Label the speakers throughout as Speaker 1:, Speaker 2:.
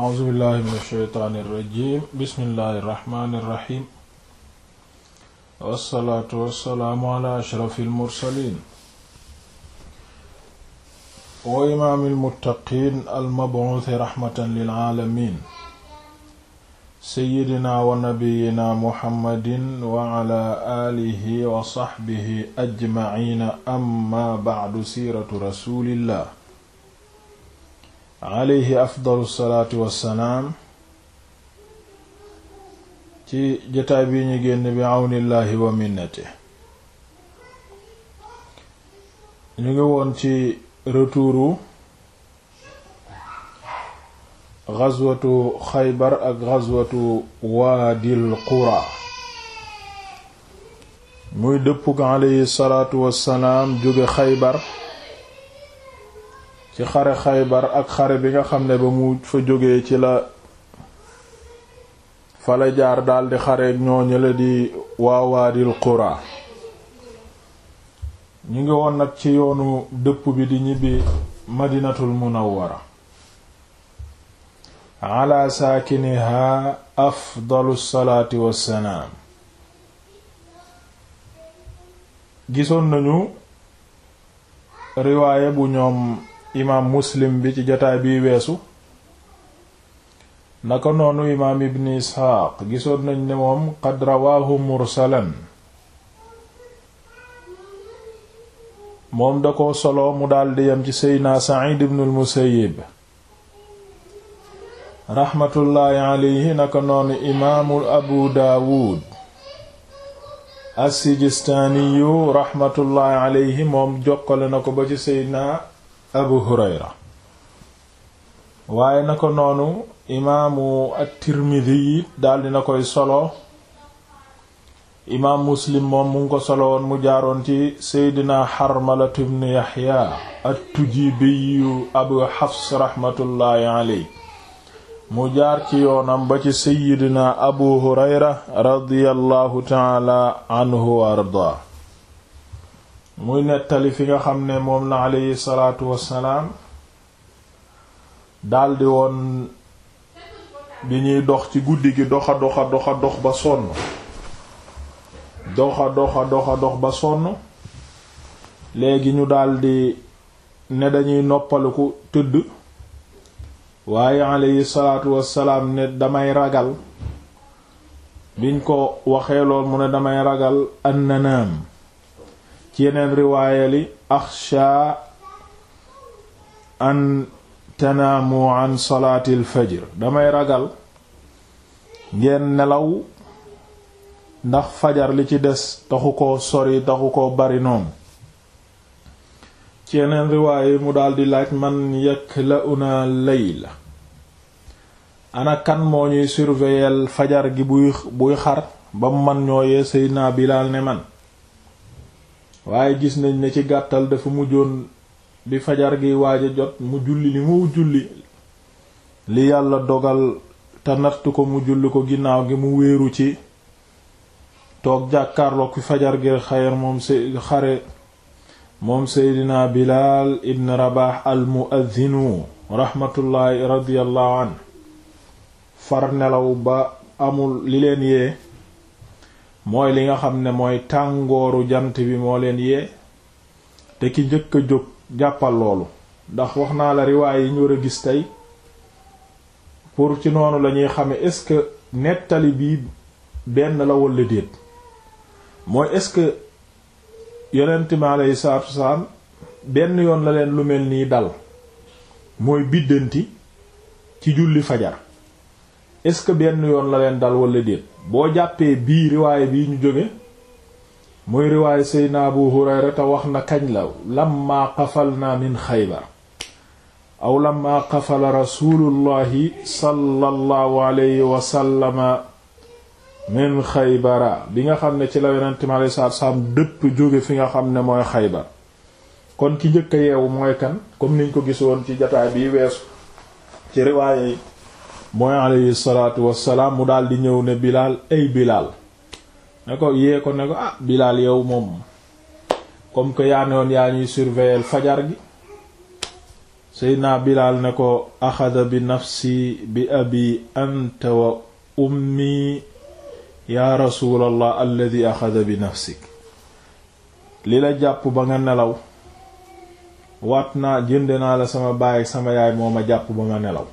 Speaker 1: أعوذ بالله من الشيطان الرجيم بسم الله الرحمن الرحيم والصلاة والسلام على أشرف المرسلين وإمام المتقين المبعوث رحمة للعالمين سيدنا ونبينا محمد وعلى آله وصحبه أجمعين أما بعد سيرة رسول الله alayhi afdalu salaatu wassalaam ci jotaay bi ñu génn bi àwnillaahi wa minnate ñu ngi woon ci retouru ghazwatu xaybar ak ghazwatu waadil qura muy dëppug alayhi salaatu salaam jóge xaybar ci xare xaybar ak xare bi nga xam ne ba mu fa jógee ci la fala jaar daldi xare ñoo la di waawaadil qura ñu ngi woon nag ci yoonu dëpp bi di ñibbi madinatul munawwara ala saakiniha afdalu salaati wassalaam gisoon nañu riwaaye bu ñoom imaam muslim bi ci jotaay biy weesu naka noonu imaam ibni isxaaq gisoon nañ ne moom qad rawaahu mursalan moom da ko solo mu daldi yam ci seydna sa'id ibn al-musayyib raxmatullaahi alayhi naka noonu imaamu abu daawud as raxmatullaahi alayhi moom jokkale na ko ba ci seydna waaye na ko noonu imaamu at-tirmidhi daldi na koy solo imaam muslim moom mu ngi ko solo woon mu jaaroon ci seydina xarmalatu ibn yaxya at abu xafs raxmatullaahi mu jaar ci yoonam ba ci seydina abu hurayra radiyallahu taala anhu wa ardaa muy nettali fi nga xam ne moom la aleyhi salaatu wassalaam daldi woon bi ñuy dox ci guddi gi doxa doxa doxa dox ba sonn doxa doxa doxa dox ba sonn léegi ñu daldi ne dañuy noppaluku tëdd waaye aleyhi salaatu wassalaam ne damay ragal biñ ko waxee lool mu ne damay ragal an nanaam ci yeneen riwaayali axsha an tanaamu an salaatil fajr damay ragal ngeen nelaw ndax fajar li ci des taxu ko sori taxu ko bari noonu ci yeneen riwaaye mu daldi laaj man yakla'una layla ana kan moo ñuy surveiller fajar gi buy xar ba mu man ñooyee Seydina Bilaal ne man waaye gis nañ ne ci gàttal dafa mujjoon bi fajar gi waaj a jot mu julli li mu julli li yàlla dogal te nattu ko mu julli ko ginnaaw gi mu wéeru ci toog jàkkaarloog fi fajar gi xayar moom say xare seydina bilaal ibn rabax al muaddinu raxmatullaahi radiyallahu an far nelaw ba amul li leen yee mooy li nga xam ne mooy tàngooru jant bi moo leen yee te ki njëkk a jóg jàppal loolu ndax wax naa la riwaay yi ñu war a gis tey pour ci noonu lañuy xame est-ce que nettali bi benn la walla déet mooy est-ce que yonent mi aleyhi salaatu wasalaam benn yoon la leen lu mel nii dal mooy biddanti ci julli fajar est-ce que benn yoon la leen dal wala déet boo jàppee bii riwaay bii ñu jóge muy riwaay Seydina Abu Hurayra te wax na kañ la lamma qafalna min Xaybar aw lamma qafala rasulullahi sallallahu alayhi wasallama min Xaybara bi nga xam ne ci la yonente mi alayhi salaam dëpp jóge fi nga xam ne mooy Xaybar kon ki njëkk a yeewu mooy kan comme niñ ko gisoon ci jataay bi weesu ci riwaay yi mooy alayhi salaatu wassalaam mu daldi ñëw ne Bilaal ay Bilaal ne ko yee ko ne ko ah Bilaal yow moom comme que yaa ne woon yaa ñuy surveiller fajar gi naa Bilaal ne ko axada bi nafsi bi abi anta wa ummi yaa rasuulallah alladi axada bi nafsik li la jàpp ba nga nelaw waat naa jënd naa la sama baay sama yaay moo ma jàpp ba ma nelaw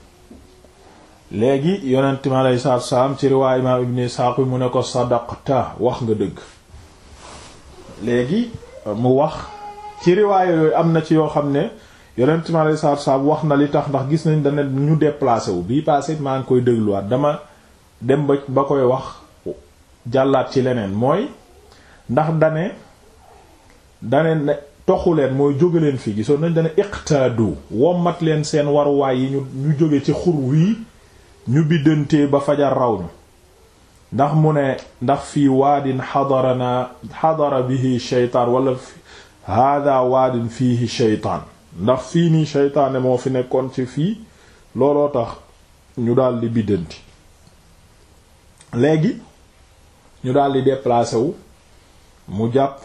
Speaker 1: léegi yonent mi aleyhi salaatu salaam ci riwaay imaam ibn Isxaaq bi mu ne ko sadaqta wax nga dëgg léegi euh, mu wax ci riwaay yooyu am na ci yoo xam ne yonent mi aleyhi salaatu salaam wax na li tax ndax gis nañ dana ñu déplacé wu bii passé maa ngi koy dégluwaat dama dem ba ba koy wax jàllaat ci leneen mooy ndax dane dane toxu leen mooy jóge leen fii gisoon nañ dane iqtaadu wommat leen seen waruwaay yi ñu ñu jóge ci xur wii ñu biddantee ba fajar raw ñu ndax mu ne ndax fii waadin xadarana xadara bihi sheytaan wala hada waadin fiihi sheytaan ndax fii ni sheytaane moo fi nekkoon ci fii looloo tax ñu daldi biddanti léegi ñu daldi déplacé wu mu jàpp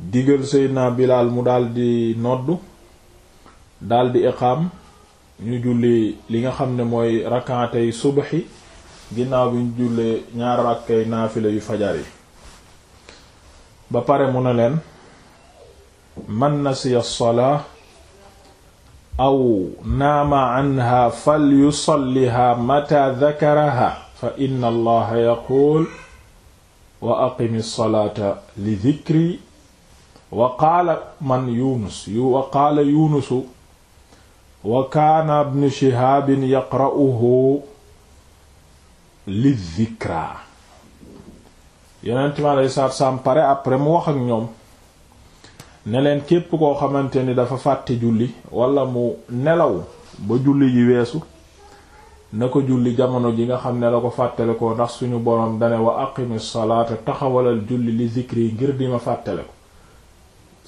Speaker 1: digal Seydina Bilaal mu daldi noddu daldi iqaam ñu julli li nga xam ne mooy rakkaatey subaxi ginaaw bi ñu jullee ñaar rakkay naafila yu fajar ba pare mu ne leen man nasiya salaa aw naama anha fal yusalliha mata dakaraha fa inna allaha yaquul wa aqimi salata li dikri wa qaala man yunus wa qaala yunusu wa kaana ibnu shihaabin yaqra'uhu li dhikra yeneent mi alei saatu salaam pare après mu wax ak ñoom ne leen képp koo xamante ni dafa fàtte julli wala mu nelaw ba julli yi weesu na ko julli jamono ji nga xam ne la ko fàttale ko ndax suñu boroom dane wa aqimi salaata taxawalal julli li dhikri ngir di ma fàttale ko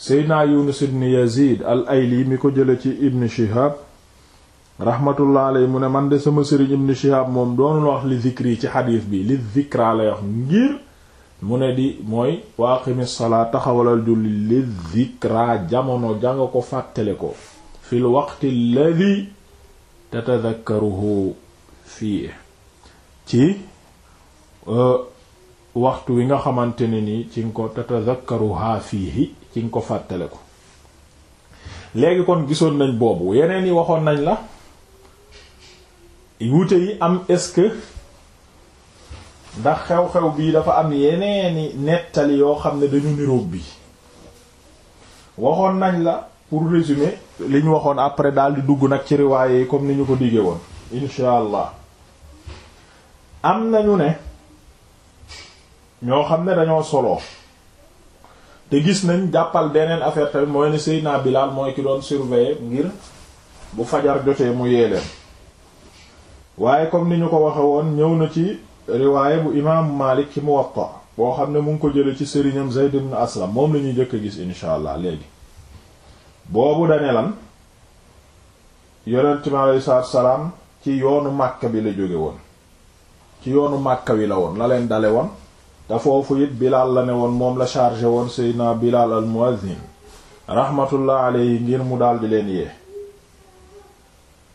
Speaker 1: seydna yunus ibn yazid al ayli mi ko jële ci ibn shihab rahmatullah mu ne man de sama sëriñ ibn shihab moom doonul wax li zikri ci xadiis bi li zikra lay wax ngir mu ne di mooy waaqimi salaa taxawalal julli li zikra jamono janga ko fàttale ko fil waqti alladi fii ci euh, waxtu wi nga xamante ne ni ci nga ko tatadakkaruha fiihi ci nga ko fàttale ko léegi kon gisoon nañ boobu yeneen yi waxoon nañ la wuute yi am est-ce que ndax xew-xew bii dafa am yeneeni nettali yoo xam ne dañu niroog bi waxoon nañ la pour résumer li ñu waxoon après daal di dugg nag ci riwaaye yi comme ni ñu ko diggee woon insha allah am nañu ne ñoo xam ne dañoo solo te gis nañ jàppal beneen affaire tamit mooy ne Seydina Bilaal mooy ki doon surveiller ngir bu fajar jotee mu yee leen waaye comme ni ñu ko waxee woon ñëw na ci riwaaye bu imaamu Maalik ci ko boo xam ne mu ngi ko jële ci sëriñam Zayd ibn Aslam moom la ñuy jëkk a gis insha allah léegi boobu dane lan yonent mi alayhi salaam ci yoonu Màkka bi la jóge woon ci yoonu Màkka wi la woon la leen dale woon te foofu it bilaal la ne woon moom la chargé woon seydina bilaal al muwazzin rahmatullah alayhi ngir mu di leen yee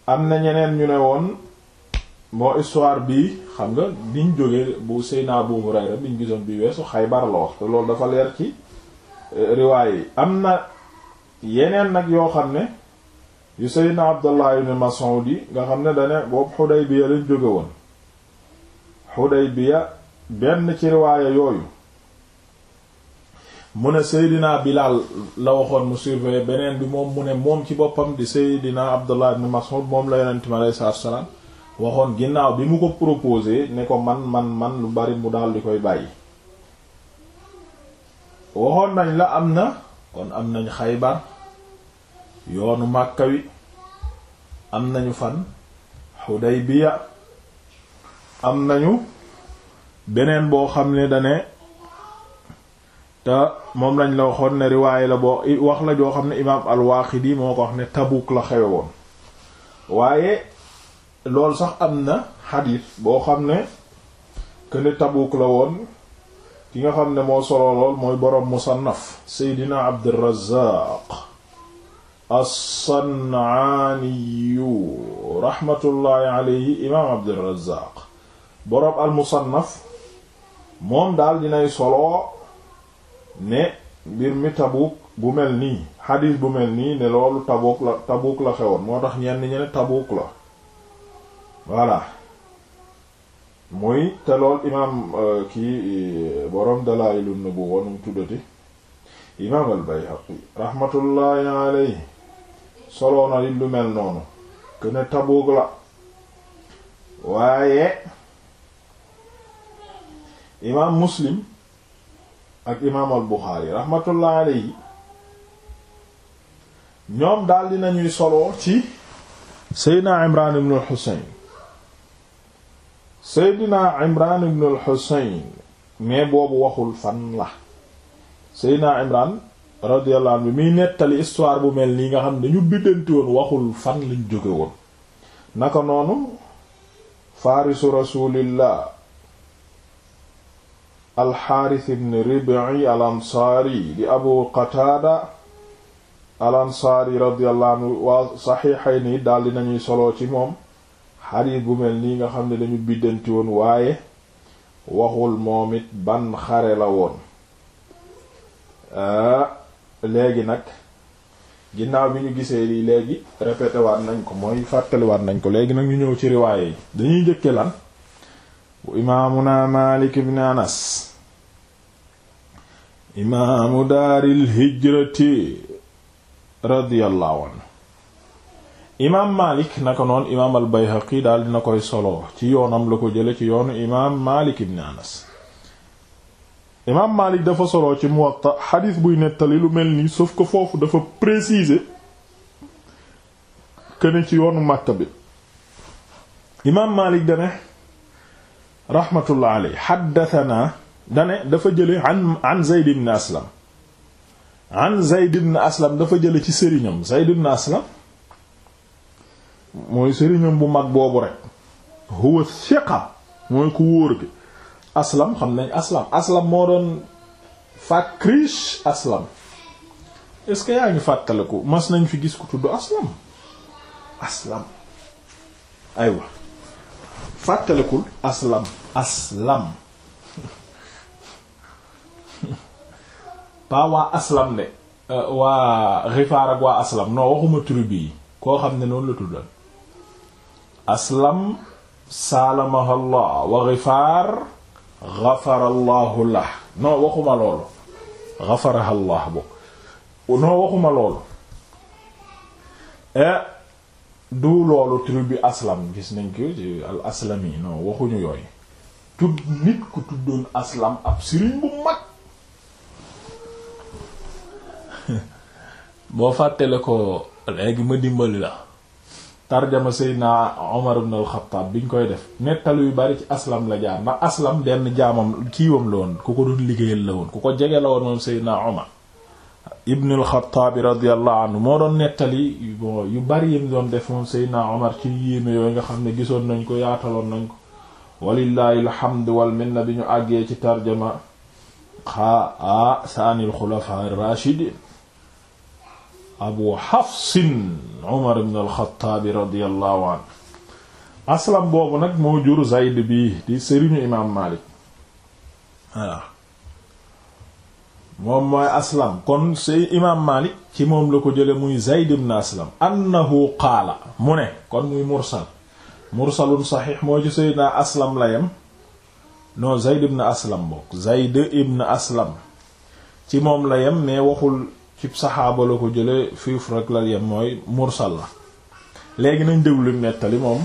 Speaker 1: am na ñeneen ñu ne woon moo histoire bi xam nga biñ jóge bu seydina abu hurayra biñ gisoon bi weesu xaybar la wax te loolu dafa leer ci eh, riwaay yi am na yeneen nag yoo xam ne yu seydina abdullah ibn mas'ud yi nga xam ne dane boobu xudaybiya lañ jóge woon xudaybiya benn ci riwaaya yooyu mu ne Seydina Bilaal la waxoon mu surveiller beneen bi moom mu ne moom ci boppam di Seydina Abdullah ibn Mas'ud moom la yonent mi alayhi salaatu salaam waxoon ginnaaw bi mu ko proposé ne ko man man man lu bari mu daldi koy bàyyi waxoon nañ la am na kon am nañ Xaybar yoonu Màkka wi am nañu fan Xudaybiya am nañu beneen boo xam ne dane te moom lañ la waxoon ne riwaaye la boo wax la joo xam ne imaam al moo ko wax ne Tabuk la xewe woon waaye loolu sax am na xadiis boo xam ne këne Tabuk la woon ki nga xam ne moo solo lool mooy boroom musannaf Seydina Abdurrazaaq as-San'aaniyu raxmatullaahi alayhi imaam Abdurrazaaq boroom al moom daal dinay solo ne mbir mi Tabuk bu mel nii xadiis bu mel nii ne loolu Tabuk la Tabuk la xewoon moo tax ñenn ñi ne Tabuk la voilà muy te lool imaam euh, kii euh, borom Dalaa'ilun Nubuwwa nu tuddati imaam al-Bayhaqi rahmatullahi alayhi solo na li lu mel noonu que ne la waaye. imaam muslim ak imaam al buxaari rahmatullah ñoom daldi nañuy solo ci seydina imran ibn al xusayn seydina imran ibn al xusayn boobu waxul fan la seydina imran radiyallahu anhu miy nettali histoire bu mel nii nga xam ne dañu biddanti woon waxul fan lañ jóge woon naka noonu farisu rasulillah alxaaris ibn ribi al ansaari di abu qataada al ansaari radiyallahu waa saxiixayni yi daldi nañuy solo ci moom xadiis bu mel nii nga xam ne dañu biddanti woon waaye waxul moom it ban xare la woon ah, léegi nag ginnaaw bi ñu gisee lii léegi répété waat nañ ko mooy fàttaliwaat nañ ko léegi nag ñu ñëw ci riwaaye yi dañuy njëkke lan bu imaamuna Maalik ibn Anas imaamu daaril hijrati radiyallahu imaam Maalik naka noonu imaam al Bayhaqi daal dina koy solo ci yoonam la ko jële ci yoonu imaam Maalik ibn Anas imaam Maalik dafa solo ci Muwatta xadiis buy nettali lu mel nii suuf ko foofu dafa préciser que ci yoonu Makka bi imaam Maalik dane rahmatullah aley xaddatanaa dane dafa jële an an zayd ibn aslam an zayd aslam dafa jële ci sëriñam zayd ibn aslam mooy sëriñam bu mag boobu rek huwa thiqa mooy ku wóor bi aslam xam nañ aslam aslam moo doon fakrish aslam est ce que yaa ngi fàttaliku mas nañ fi gis ku tudd aslam aslam aywa fàttalekul aslam aslam pas waa aslam de Gifaar euh, ak waa aslam non waxuma tribu koo xam ne noonu la tuddal aslam saalamaha allah wa Gifaar gafara allahu lah non waxuma loolu gafaraha allah bo non waxuma loolu eh, du loolu tribu aslam gis nañ ko ci al aslami non waxuñu yooyu tudd nit ku tuddoon aslam ab sëriñ bu mag boo fàttele ko léegi ma dimbali la tarjama Seydina Omar ibn al bi biñ koy def nettalu yu bari ci aslam la jaar ndax aslam benn jaamam kiiwam la woon ku ko doon liggéeyal la woon ku ko jege la woon moom Omar ibn alxataabi radiallahu anhu moo doon nettali yu bari yim doon def moom seydna omar ci yéeme yooyu nga xam ne gisoon nañ ko yaataloon nañ ko walillahi alhamdu wal bi ñu àggee ci tarjama xaa a saanil xulafa rachidin abu xafsin omar ibn alxataabi radiallahu anhu aslam boobu nag moo jur zayd bi di sëriñu imaam malik voilà moom mooy aslam kon say imaam Maalik ci moom la ko jële muy Zayd ibn aslam annahu qaala mu ne kon muy mursal mursalun saxiix moo ci sayyidina aslam la yem non Zayd ibn aslam bokk Zayd ibn aslam ci moom la yem mais waxul ci saxaaba la ko jële fiif rek la yem mooy mursal la léegi nañ lu nettali moom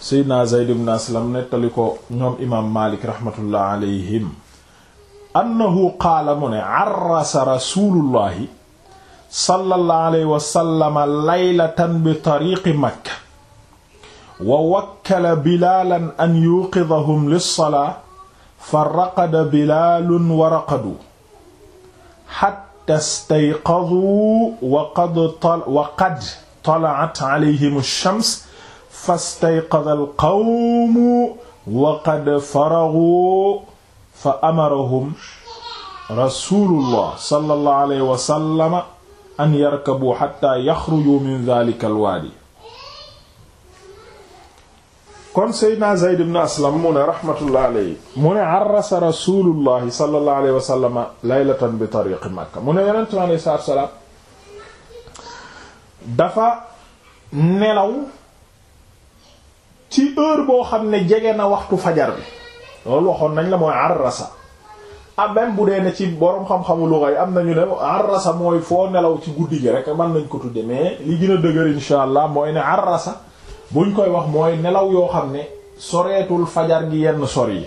Speaker 1: sayyidina Zayd ibn aslam nettali ko ñoom imaam Maalik rahmatullah alayhim annahu qaala mu ne arrasa rasulullahi sallallahu alayhi wa sallama laylatan bi tariqi makka wa wakkala bilaalan an yuuqidahum lissalaa fa raqada bilaalun wa raqadu xatta stayqaduu wa qad talaat alayhim shams fastayqada alqawmu wa qad faraguu fa amarahum rasulullah sallallahu alayhi wa sallam an yarkabu xatta yaxruju min dhalika alwaadi kon seydna zayd ibn aslam mu ne raxmatullah alayhi mu ne arrasa rasulullahi sallallahu alayhi wa sallam laylatan bi tariqi makka mu ne yonent mi alayhi salaatu wa salaam dafa nelaw ci heure boo xam ne jege na waxtu fajar bi loolu waxoon nañ la mooy arrasa ah même bu dee ne ci boroom xam-xamu lu am nañu ne arrasa mooy foo nelaw ci guddi gi rek mën nañ ko tudde mais li gën a dëgër insha mooy ne arrasa buñ koy wax mooy nelaw yoo xam ne soreetul fajar gi yenn sor yi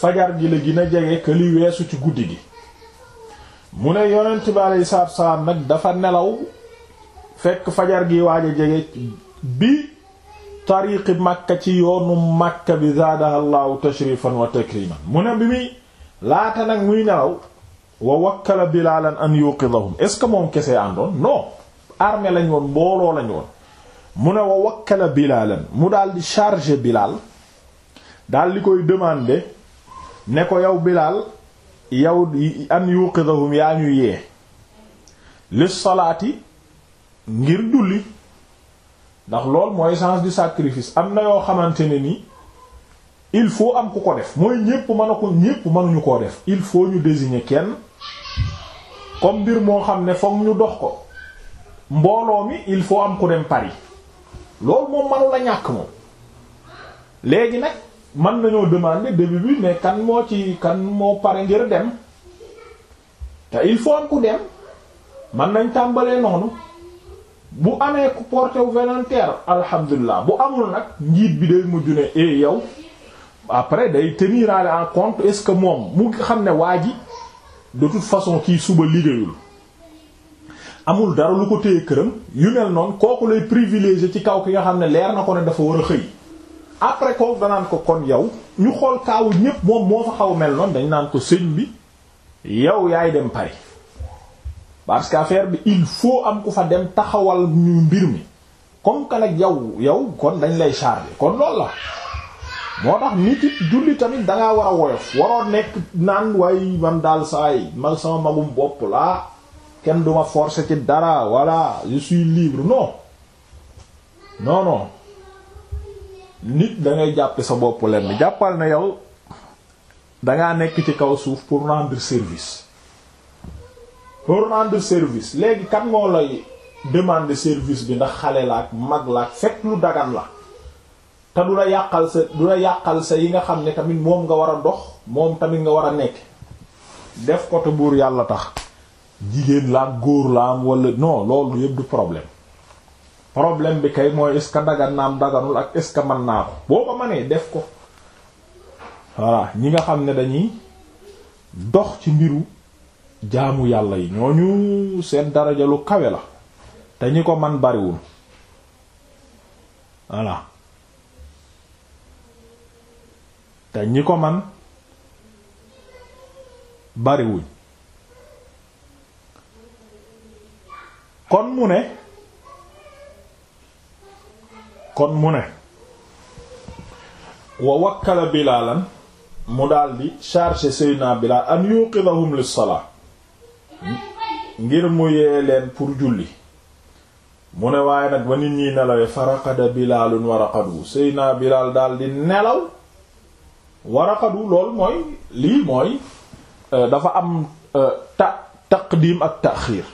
Speaker 1: fajar gi la gën a jege que weesu ci guddi gi mu ne yonent bi yi salaatu salaam nag dafa nelaw fekk fajar gi waaj a jege bi tariqi makka ci yoonu makka bi zaadaha allahu wa takriman mu ne bi muy laata nag muy nelaw wa wakkala bilaalan an yuqidahum est ce moom kesee àndoon non armée lañ woon mbooloo lañ woon mu ne wa wakkala bilaalan mu daal di bilaal daal koy demandé ne ko yow bilaal yow an yuqidahum yaa ñu yee lis ngir julli ndax lool mooy sens du sacrifice am na yoo xamante ne ni il faut am ku ko def mooy ñépp mën a ko ñépp mënuñu koo def il faut ñu désigner kenn comme mbir moo xam ne foog ñu dox ko mbooloo mi il faut am ku dem Paris loolu moom mënu ñàkk moom léegi nag mën nañoo demander début bi mais kan moo ci kan moo pare ngir dem te il faut am ku dem mën nañ tàmbalee noonu bu amee ku porté volontaire alhamdulilah bu amul nag njiit bi day mujj ne eh yow après day tenir en compte est-ce que moom mu xam ne waa ji de toute façon kii suba liggéeyul. amul dara lu ko téye këram yu mel noon kooku lay privilégié ci kaw ki nga xam ne leer na ko ne dafa war a xëy après kooku danaan ko kon yow ñu xool kaawu ñépp moom moo fa xaw mel noon dañ naan ko sëñ bi yow yaay dem Paris. parce que affaire bi il foo am ku fa dem taxawal ñu mbir mi comme que nag yow yow kon dañ lay charger kon loolu la moo tax nit it julli tamit dangaa war a woyof waroo nekk naan waaye man daal saay man sama magum bopp laa kenn duma forcer ci dara walla je suis libre non non nit da ngay sa bopp lenn jàppal na yow danga nekk ci kaw suuf pour rendre service pour rendre léegi kan moo demande service bi ndax xale la mag la ak lu dagan la te la yàqal la yàqal sa yi nga xam ne tamit moom nga war a dox moom tamit nga war a nekk def ko buur yàlla tax jigéen la góor la am wala non loolu du problème problème bi kay mooy dagan naam daganul ak est-ce que mën naa ko boo ko mënee def ko voilà ñi nga xam ne dañuy dox ci mbiru jaamu yàlla yi ñooñu seen daraja lu kawe la te ñi ko man bariwul voilà ko man bariwuñ kon mu ne kon mu ne wa wakkala bilaalan mu daldi chargé Seydina Bilaal an yuqidahum lis-salaa ngir mu yee leen pour julli mu ne waaye nag ba nit ñiy nelawee faraqada bilaalun waraqadu sëy naa bilaal daal di nelaw waraqadu lool mooy lii mooy euh, dafa am euh, ta taqdim ak taxiir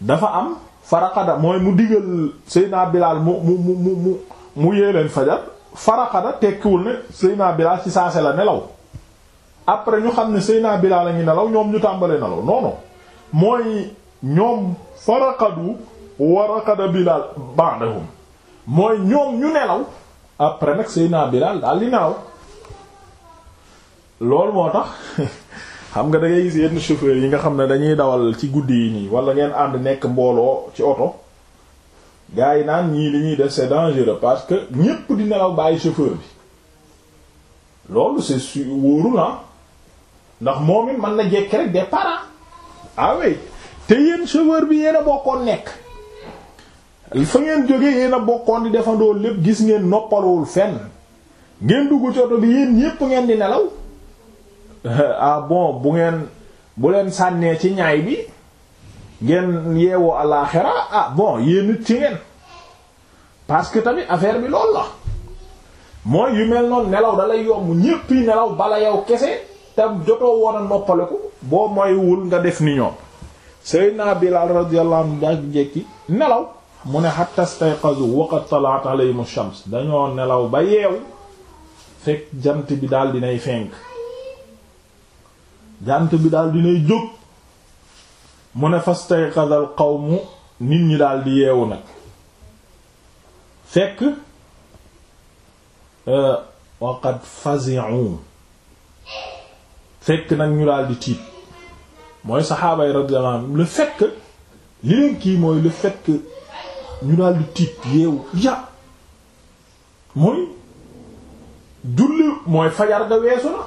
Speaker 1: dafa am faraqada mooy mu digal sëy naa bilaal mu mu mu mu mu yee leen fajar faraqada tekkiwul ne sëy naa bilaal ci saase la nelaw après ñu xam ne Seyna Bilaal a ngi nelaw ñoom ñu tàmbalee nelaw non non mooy ñoom faraqadu wa raqada Bilaal ba'dahum mooy ñoom ñu nelaw après nag Seyna Bilaal daal di nelaw loolu moo tax xam nga da ngay gis yenn chauffeur yi nga xam ne dañuy dawal ci guddi yi nii wala ngeen ànd nekk mbooloo ci oto gars yi naan ñii li ñuy def c'est dangereux parce que ñépp di nelaw bàyyi chauffeur bi loolu c'est su wóoru na ah. ndax moom it mën na jékki rek des parents ah te yéen chauffeur bi yéen a bokkoon nekk fa ngeen jógee yéen a bokkoon di defandoo lépp gis ngeen noppaluwul fenn ngeen dugg ci oto bi yéen ñépp ngeen di nelaw ah bon bu ngeen bu leen sànnee ci ñaay bi ngeen yeewoo alaaxira ah bon yéen nit ci ngeen parce que tamit affaire bi lool la mooy yu mel noonu nelaw da yomb ñépp yi nelaw bala yow kese. tam jotoo woon a boo moywul nga def ni ñoom Seydina Bilaal radiyallahu anhu jekki nelaw mu ne hatta stayqazu waqad talat alayhim shams dañoo nelaw ba yeewu fekk jant bi daal dinay fenk jant bi daal dinay jóg mu ne fastayqaza al qawmu nit ñi daal di yeewu nag fekk euh, waqad fazi'u fekk nag ñu daal tiit mooy saxaaba yi radiyallahu anhum le fait li leen kii mooy le fait ñu daal di tiit yeewu ya mooy julli mooy fajar ga weesu na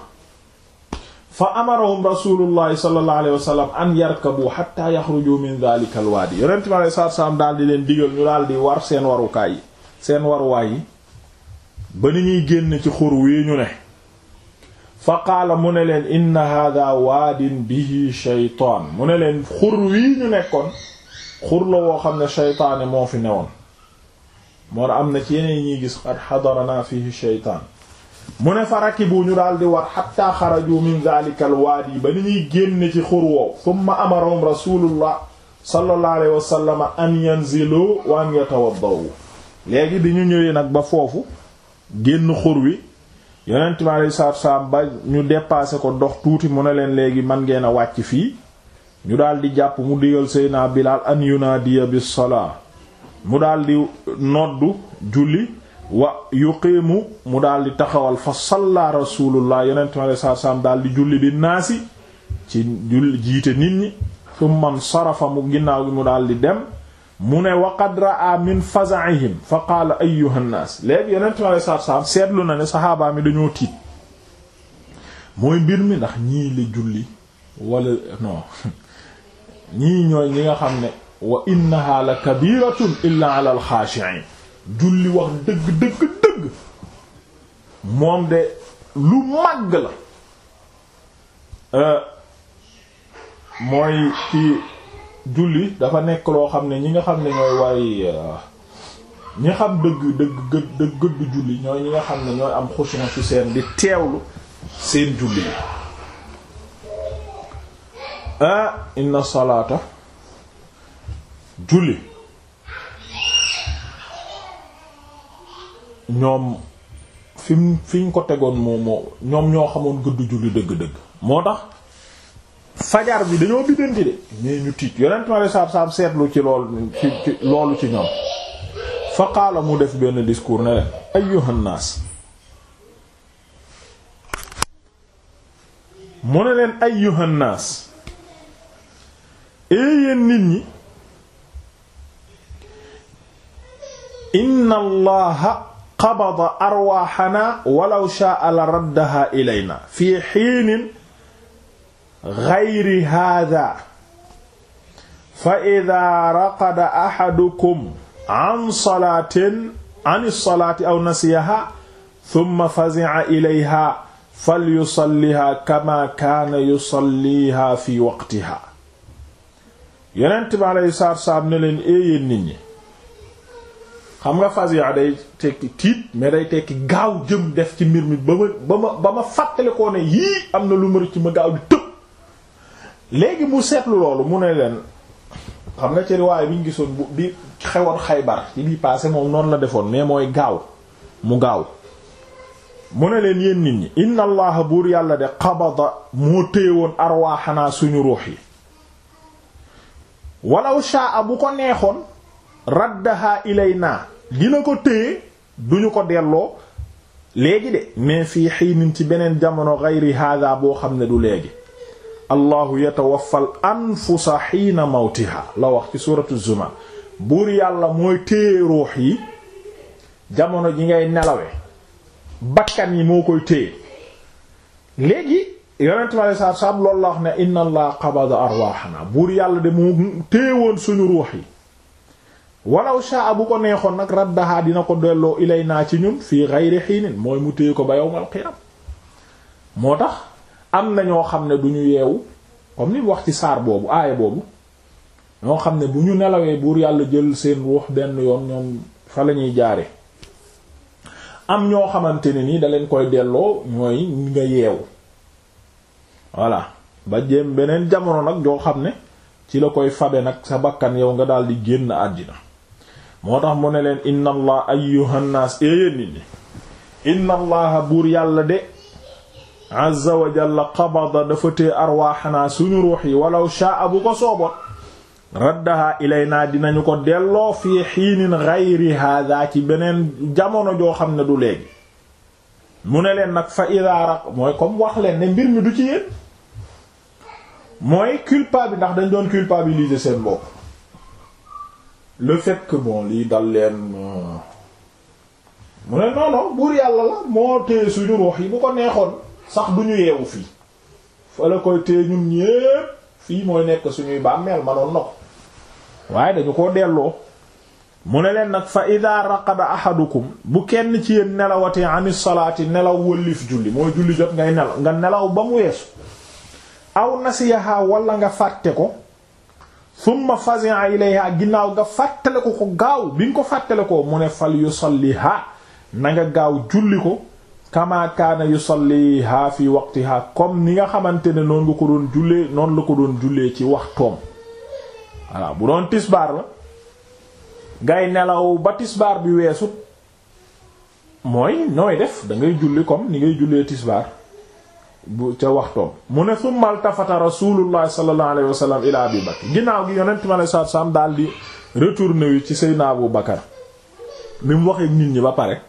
Speaker 1: fa amarahum rasulullahi sallallahu alayhi wa sallam an yarkabu hatta yaxruju min dhalika alwaadi bi alayhi daal di leen digal ñu di war seen warukaay yi seen waruwaay yi ba ni ñuy génn ci xur wi ñu ne fa qaala mu ne leen inna hada waadin bihi shaytaan mu leen xur wii ñu nekkoon xur la woo xam ne shaytaane moo fi newoon moo am na ci yeneen ñuy gis qad xadarana fihi shaytaan mu ne fa rakibu ñu daal di war xatta xaraju min daalika alwaadi ba ni ñuy génn ci xur woow summa amarahum rasulullah sallallahu alayhi wa sallam an yanzilu wa an yatawaddawu léegi bi ñu ñëwee nag ba foofu génn xur wi yonent mi alayhi salaatu ba ñu dépassé ko dox tuuti mu ne leen léegi man ngeen a wàcc fii ñu daal di jàpp mu digal Seydina Bilaal an yunaadiya bi salaa mu daal di noddu julli wa yuqiimu mu daal di taxawal fa salla rasulullah yonent mi alayhi salaatu salaam daal di julli bi naasi ci julli jiite nit ñi summan sarafa mu ginnaaw gi mu daal di dem mu ne waqad raa min fazaihim fa qaala ayyuha nnaas léegi yonent mi salaam seetlu na ne saxaabaa mi dañoo tiit mooy mbir mi ndax ñii la julli wala non ñii ñooy ñi nga xam ne wa innaha la kabiratun illa ala julli wax dëgg dëgg dëgg moom de lu màgg la euh, mooy ci julli dafa nekk loo xam ne ñi nga xam ne ñooy waay euh, ñi xam dëgg dëgg dëgg gëddu julli ñooy ñi nga xam ne ñooy am xushion ci seen di teewlu seen julli bi ah inna salaata julli ñoom fi mu fi ñu ko tegoon moom moo ñoom ñoo xamoon gëddu julli dëgg-dëgg moo tax fajar bi dañoo biddanti de mais ñu tiit yonent ma lay saab saab seetlu ci loolu ci ci ñoom fa qaala mu def benn discours ne leen ayyuhan naas mu leen ayyuhan naas eh yéen nit ñi inna allaha qabada arwaaxanaa walaw shaa la raddaha ilayna gayri hada fa ida raqada axadukum an salaatin an salaati aw nasiyaha thumma fazi'a ilayha falyusalliha kama kaana yusalliha fi waqtiha yonent bi alayhi salaatu salaam ne leen éeyéen nit ñi xam nga fazi'a day tekki tiit mais day tekki gaaw jëm def ci mbir mi ba ma ba ma ba ma fàttalikoo ne yii am na lu ma rëcc ma gaaw di tëb léegi mu seetlu loolu mu ne leen xam nga ci riwaay bi gisoon bu bi xewoon xaybar yi bii passé moom noonu la defoon mais mooy gaaw mu gaaw mu ne leen yéen nit ñi inna buur yàlla de qabada moo téyewoon arwaaxanaa suñu ruux yi walaw shaa bu ko neexoon raddaha naa dina ko téye duñu ko delloo léegi de mais fii xiinin ci beneen jamono gayri hada boo xam ne du léegi allahu yatawaffal anfusa xiina mawtiha la wax ci suratu zumar buur yàlla mooy téye ruux yi jamono ji ngay nelawe bakkan yi moo koy téye léegi yonent mi alei satu salaam loolu la ne inna allah qabada arwaaxana buur yàlla de mu téye woon suñu ruux yi walaw shaa bu ko neexoon nag raddahaa dina ko delloo ilay naa ci ñun fii gayri xiinin mooy mu téye ko ba yowmal qiyam moo tax am na ñoo xam ne du ñu yeewu comme ni wax ci saar boobu aaya boobu ñoo xam ne bu ñu nelawee buur yàlla jël seen ruux benn yoon ñoom fa la ñuy jaare am ñoo xamante ne ni da koy delloo ñooy ñi nga yeewu voilà ba jéem beneen jamono nag joo xam ne ci la koy fabe nag sa bakkan yow nga daal di génn àddina moo tax mu ne leen inna allah ayyuhan nas éeyéen eh nit ñi inna buur yàlla de azza wa jalla qabada dafa tee arwaaxanaa suñu ruux yi walaw shaa bu ko sooboon raddaha ilaynaa dinañu ko delloo fii xiinin gayri haadaa ci beneen jamono joo xam ne du léegi mu ne leen nag fa idaa raq mooy comme wax leen ne mbir mi du ci yéen mooy culpa bi ndax dañ doon culpabiliser seen bopp le fait que lii dal leen euh, mu ne non non buur yàlla la moo téye suñu ruux yi bu ko neexoon sax du ñu yeewu fii fa la koy tee ñun ñépp fii mooy nekk suñuy bàmmeel manoon na ko waaye dañu ko delloo mu ne leen nag fa ida raqada ahadukum bu kenn ci yéen nelawati ani salaati nelaw wëllif julli mooy julli jot ngay nelaw nelaw ba mu weesu aw nasiyaha wala nga fàtte ko summa fazi'a ilayha ginnaaw nga fàttale ko ko gaaw bi nga ko fàttale ko mu ne fal yu yusalliha na nga gaaw julli ko kama kaana yusalliha fi waqtiha kom ni nga xamante ne noonu nga ko doon jullee noonu la ko doon jullee ci waxtoom voilà bu doon tisbaar la ngay nelaw ba tisbaar bi weesut mooy nooy def dangay ngay julli comme ni ngay jullee tisbaar bu ca waxtoom mu ne summa altafata rasulullahi sallallahu alayhi wa sallam ila abi bakr ginnaaw gi yonent mi alayhi salaatu salaam daal di retourné wi ci Seydina Abu Bakar bi mu waxee nit ñi ba pare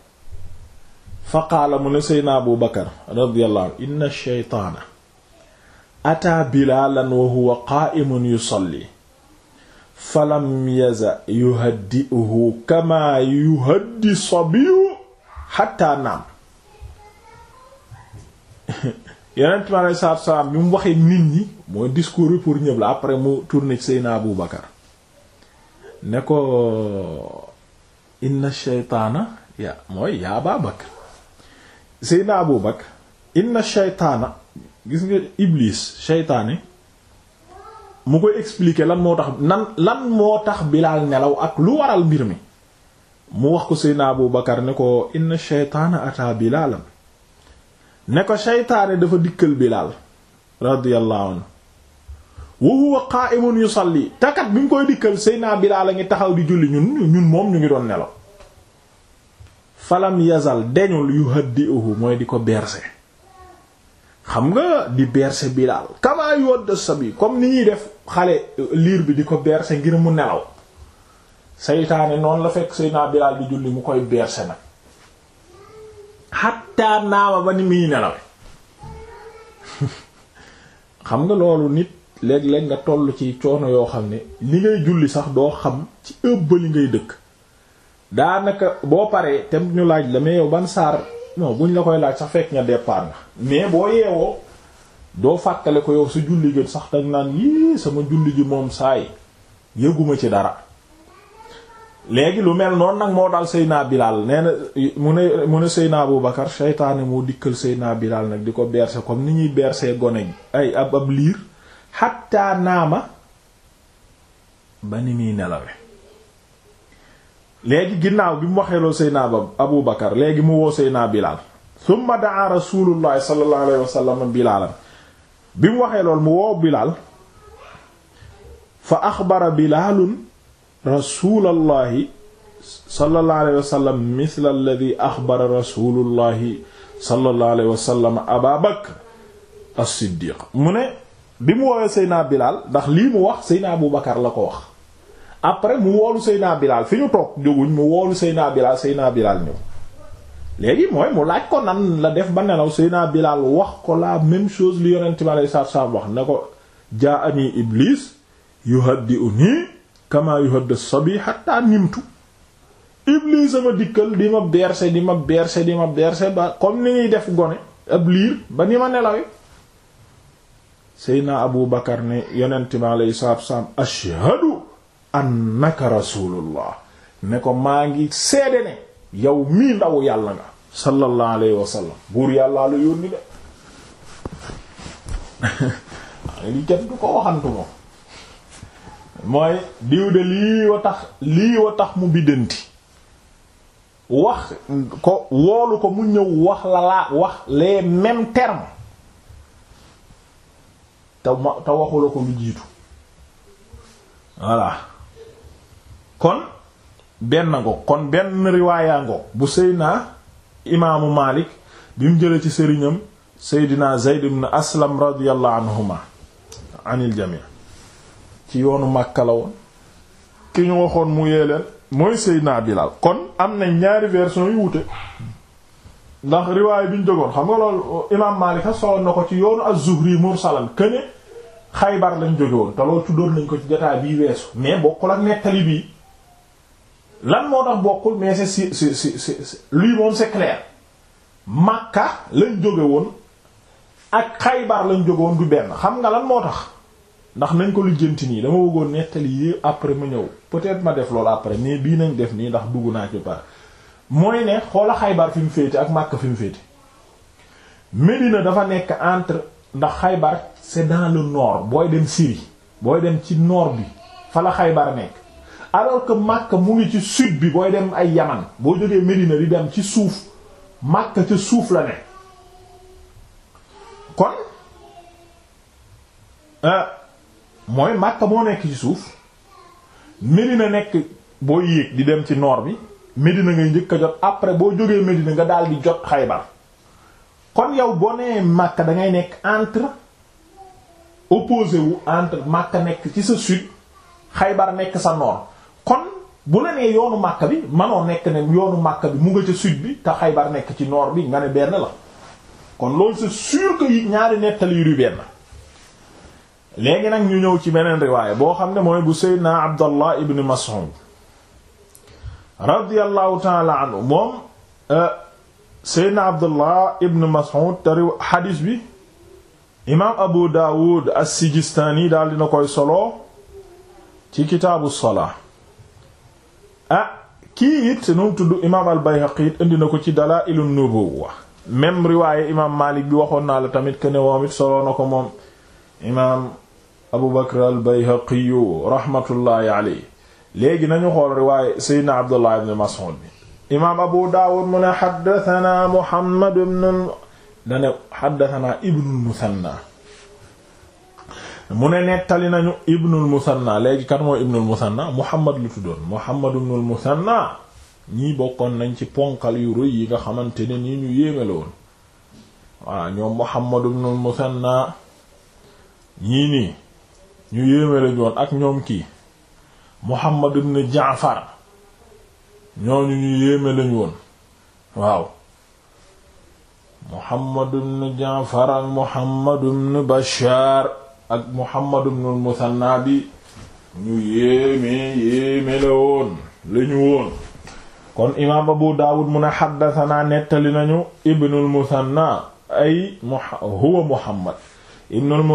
Speaker 1: fa qaala mu ne seydna abu bakar radiyallahu anhu inna sheytaana ataa bilaalan wa huwa qaaimun yusalli falam yaza yuhaddi'uhu kama yuhaddi sabiyu xatta naam yonent mi alei salaatu salaam bi mu waxee nit ñi mooy discours pour ñëpp la après mu tourné ci seydna abu bakar ne ko inna sheytaana ya mooy ya aba bakar Seydina Abu Bakr inna shaytaana gis nga Iblis shaytaane mu koy expliquer lan moo tax nan lan moo tax Bilaal nelaw ak lu waral mbir mi mu wax ko Seydina Abu Bakr ne ko inna shaytaana ataa Bilaalan ne ko shaytaane dafa dikkal Bilaal radiyallahu anhu wa huwa qaa'imun yusalli takat bi mu koy dikkal Seydina Bilaal a ngi taxaw di julli ñun ñun moom ñu ngi doon nelaw falam yazal deñul yu haddi'uhu mooy di ko berse xam nga di berse Bilaal kamaa yuwadda sabi comme ni ñuy def xale liir bi di ko berse ngir mu nelaw seytaane noonu la fekk Seydina Bilaal bi julli mu koy berse nag xattaa ba ni muy nelawe xam nga loolu nit léeg-léeg nga toll ci coono yoo xam ne li ngay julli sax doo xam ci ëbbali ngay dëkk daanaka boo paree te ñu laaj la mais yow ban saar non buñ la koy laaj sax fekk nga départ na mais boo yeewoo doo fàttale ko yow sa julli gi sax dañ naan yii sama julli gi moom saay yëguma ci dara léegi lu mel noon nag moo dal Seyna Bilal nee na mu ne mu naa bu Abubakar seytaane moo dikkal Seyna Bilal nag di ko berse comme ni ñuy bersee gone gi ay ab ab liir xattaa naama ba ni muy nelawe léegi ginnaaw bi mu waxee loolu Seydina Abu Bakar léegi mu woo Seydina Bilaal summa daa rasulullahi sallallahu alayhi wa bi mu waxee loolu mu woo Bilaal fa axbara Bilaalun rasulallahi sallallahu alayhi wa sallam misla alladi axbara rasulullahi sallallahu alayhi Aba Bakr as mu ne bi mu woowee Seydina Bilaal ndax lii mu wax Seydina Abu Bakar la ko wax après mu woolu Seyna Bilal fi ñu toog jóguñ mu woolu Seyna Bilal Seyna Bilal ñëw léegi mooy mu laaj ko nan la def ba nelaw Seyna Bilal wax ko la même chose li yonent bi alayhi salaatu salaam wax ko jaa ani iblis yuhaddi'uni kama yuhaddi as-sabi sama dikkal di ma ma berse di ma ba comme ni def gone ba ni ma nelawee Seyna Abu Bakar ne yonent annaka rasulullah ne ko maa ngi seede ne yow mii ndaw yàlla nga sallallahu alayhi wa buur yàllaa la yónni de li kenn ko waxantu moom mooy de lii wa tax lii wa tax mu biddanti wax ko woolu ko mu ñëw wax la laa wax les mêmes termes te ma te waxu la ko lu jiitu voilà kon benn ngoog kon benn riwaaya ngoog bu seydinaa imaamu Maalik bi mu jëlee ci sëriñam seydinaa Zayd ibn Aslam radiyallahu anhuma anil jamii ci yoonu Makka la woon ki ñu waxoon mu yee leen mooy seydinaa Bilaal kon am na ñaari version yu wute ndax riwaaya bi ñu jógoon xam nga loolu imaam Maalik a soloon na ko ci yoonu az-Zuhri mursalan këne Xaybar lañ jóge woon te loolu tuddoon nañ ko ci jotaay bii weesu mais bokkul ak nettali bii lan moo tax bokkul mais c'est c'est c'est lui moom c'est Makka lañ jóge woon ak Xaybar lañ jóge woon du benn xam nga lan moo tax ndax nañ ko lijjanti nii dama wëggoon nettali yi après ma ñëw peut-être ma def loolu après mais bii nañ def nii ndax dugg naa ci pare mooy ne xoola Xaybar fi mu féete ak Makka fi mu féete Médina dafa nekk entre ndax Xaybar c'est dans le nord booy dem Syrie booy dem ci nord bi fa la Xaybar nekk alors que Makka mu ngi ci sud bi booy dem ay Yaman boo jógee Médina di dem ci suuf Makka ca suuf la ne kon euh, mooy Makka moo nekk ci suuf Médina nekk boo yéeg di dem ci noor bi Médina ngay njëkk a jot après boo jógee Médina nga daal di jot Xaybar kon yow boo nee Makka da ngay nekk entre opposé wu entre Makka nekk ci sa sud Xaybar nekk sa nord kon bu la nee yoonu Makka bi manoo nekk ne yoonu Makka bi mu nga ca sud bi te Xaybar nekk ci noor bi nga ne benn la kon loolu c'est sûr que ñaari nettali yu benn léegi nag ñu ñëw ci beneen riwaaya boo xam ne mooy bu Seydina Abdallah ibn Mas'ud radiyallahu ta'ala anhu moom euh, Seydina Abdallah ibn Mas'ud te riw xadiis bi imaam Abu Dawud as-Sijistani daal dina koy solo ci kitaabu salaa ah kii it tudd imaam al-Bayhaqi indi na ko ci Dalaa'il an-Nubuwwa même riwaaye imaam Maalik bi waxoon naa la tamit que ne moom it na ko moom imaam Abu Bakr al-Bayhaqi rahmatullahi alayhi léegi nañu xool riwaaye Seydina Abdullah ibn Mas'ud bi imaam Abu Daawud mu ne xaddatanaa Muhammad ibn dane xaddatanaa Ibnul Musanna mu ne nettali nañu ibnul musanna léegi kat mooy ibnul musanna muhammad lu tuddoon muhammad ibnul musanna ñii bokkoon nañ ci ponkal yu rëy yi nga xamante ne nii ñu yéeme la woon waaw ñii nii ñu yéeme lañu ak ñoom kii muhammad ibn jaafar ñooñu ñu yéeme lañu woon waaw muhammad ibn jaafar ak muhammad ibn ak Muhammad ibn al-Musanna bi ñu yéeme yéeme la woon la woon kon imaam Abu Dawud mu ne xaddasanaa nettali nañu ibn al-Musanna ay huwa Muhammad ibn al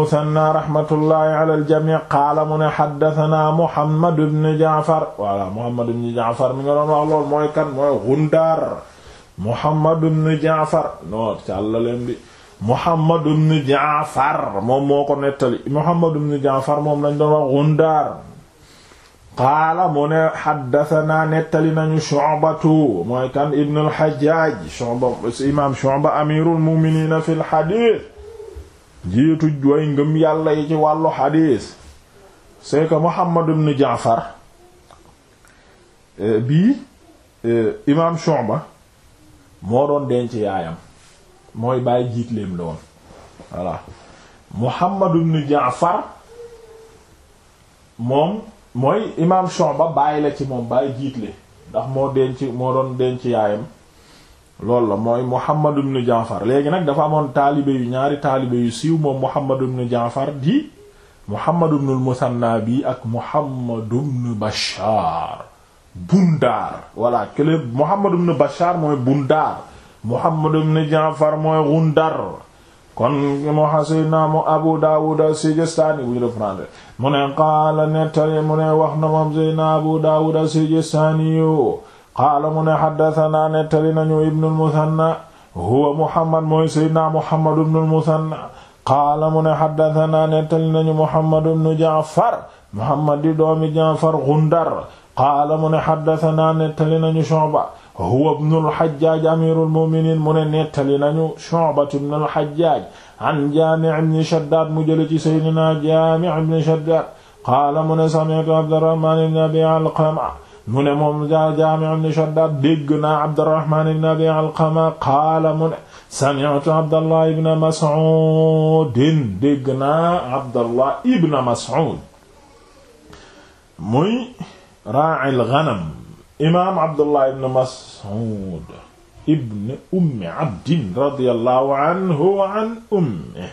Speaker 1: rahmatullahi ala jamii qaala mu ne xaddasanaa Muhammad ibn Jaafar wala Muhammad ibn Jaafar mi nga doon wax lool mooy kan mooy Gundaar Muhammad ibn Jaafar non càllaleen bi Muhammad ibn Jaafar moom moo ko nettali Muhammad ibn Jaafar moom lañ doon wax Gundaar qaala mu ne xaddatanaa nettali nañu Shu'batu mooy kan ibn al-Hajjaj imaam Shu'ba amirul mu'miniina fil xadiis jiitu way ngëm yàlla yi ci wàllu xadiis c'est que Muhammad ibn Jaafar eh, bii eh, imaam Shu'ba moo doon denc yaayam mooy bàyyi jiitleem la woon voilà Muhammad ibn moom mooy imaam Shu'ba bàyyi la ci moom bàyyi jiitle ndax moo denc moo doon denc yaayam loolu la mooy Muhammad ibn Jaafar léegi nag dafa amoon taalibe yu ñaari taalibe yu siiw moom Muhammad ibn Jaafar di Muhammad ibn musanna bi ak Muhammad ibn Bashar Bundaar voilà kële Muhammad ibn Bashar mooy Bundaar Muhammad ibn Jaafar mooy Gundar kon mu xasee naa mu Abu Dawud as-Sijistani bu ñu reprendre mu ne qaala nettali mu ne wax na moom Seydina Abu Dawud as-Sijistani yo qaala mu ne haddathana nettali nañu Ibn al-Muthanna huwa Muhammad mooy Seydina Muhammad ibn al-Muthanna qaala mu ne haddathana nettali nañu Muhammad ibn Jaafar Muhammad di doomi Jaafar Gundar qaala mu ne haddathana nettali nañu Shu'ba huwa ibnu al-Hajjaj amiru al-mu'minin mu ne nettali nañu Shu'ba ibnu al-Hajjaj an Jami' ibn Shaddad mu jële ci sayyidina Jami' ibn Shaddad qaala mu ne sami'tu Abdurrahman ibn Abi Alqama mu ne moom Jaami' ibn Shaddad dégg naa Abdurrahman ibn Abi Alqama qaala mu ne sami'tu Abdallah ibn Mas'ud dégg naa Abdallah ibn Mas'ud muy raa'il ghanam imaam abdullah ibn mas'ud ibn ummi abdin radiyallahu anhu wa an ummi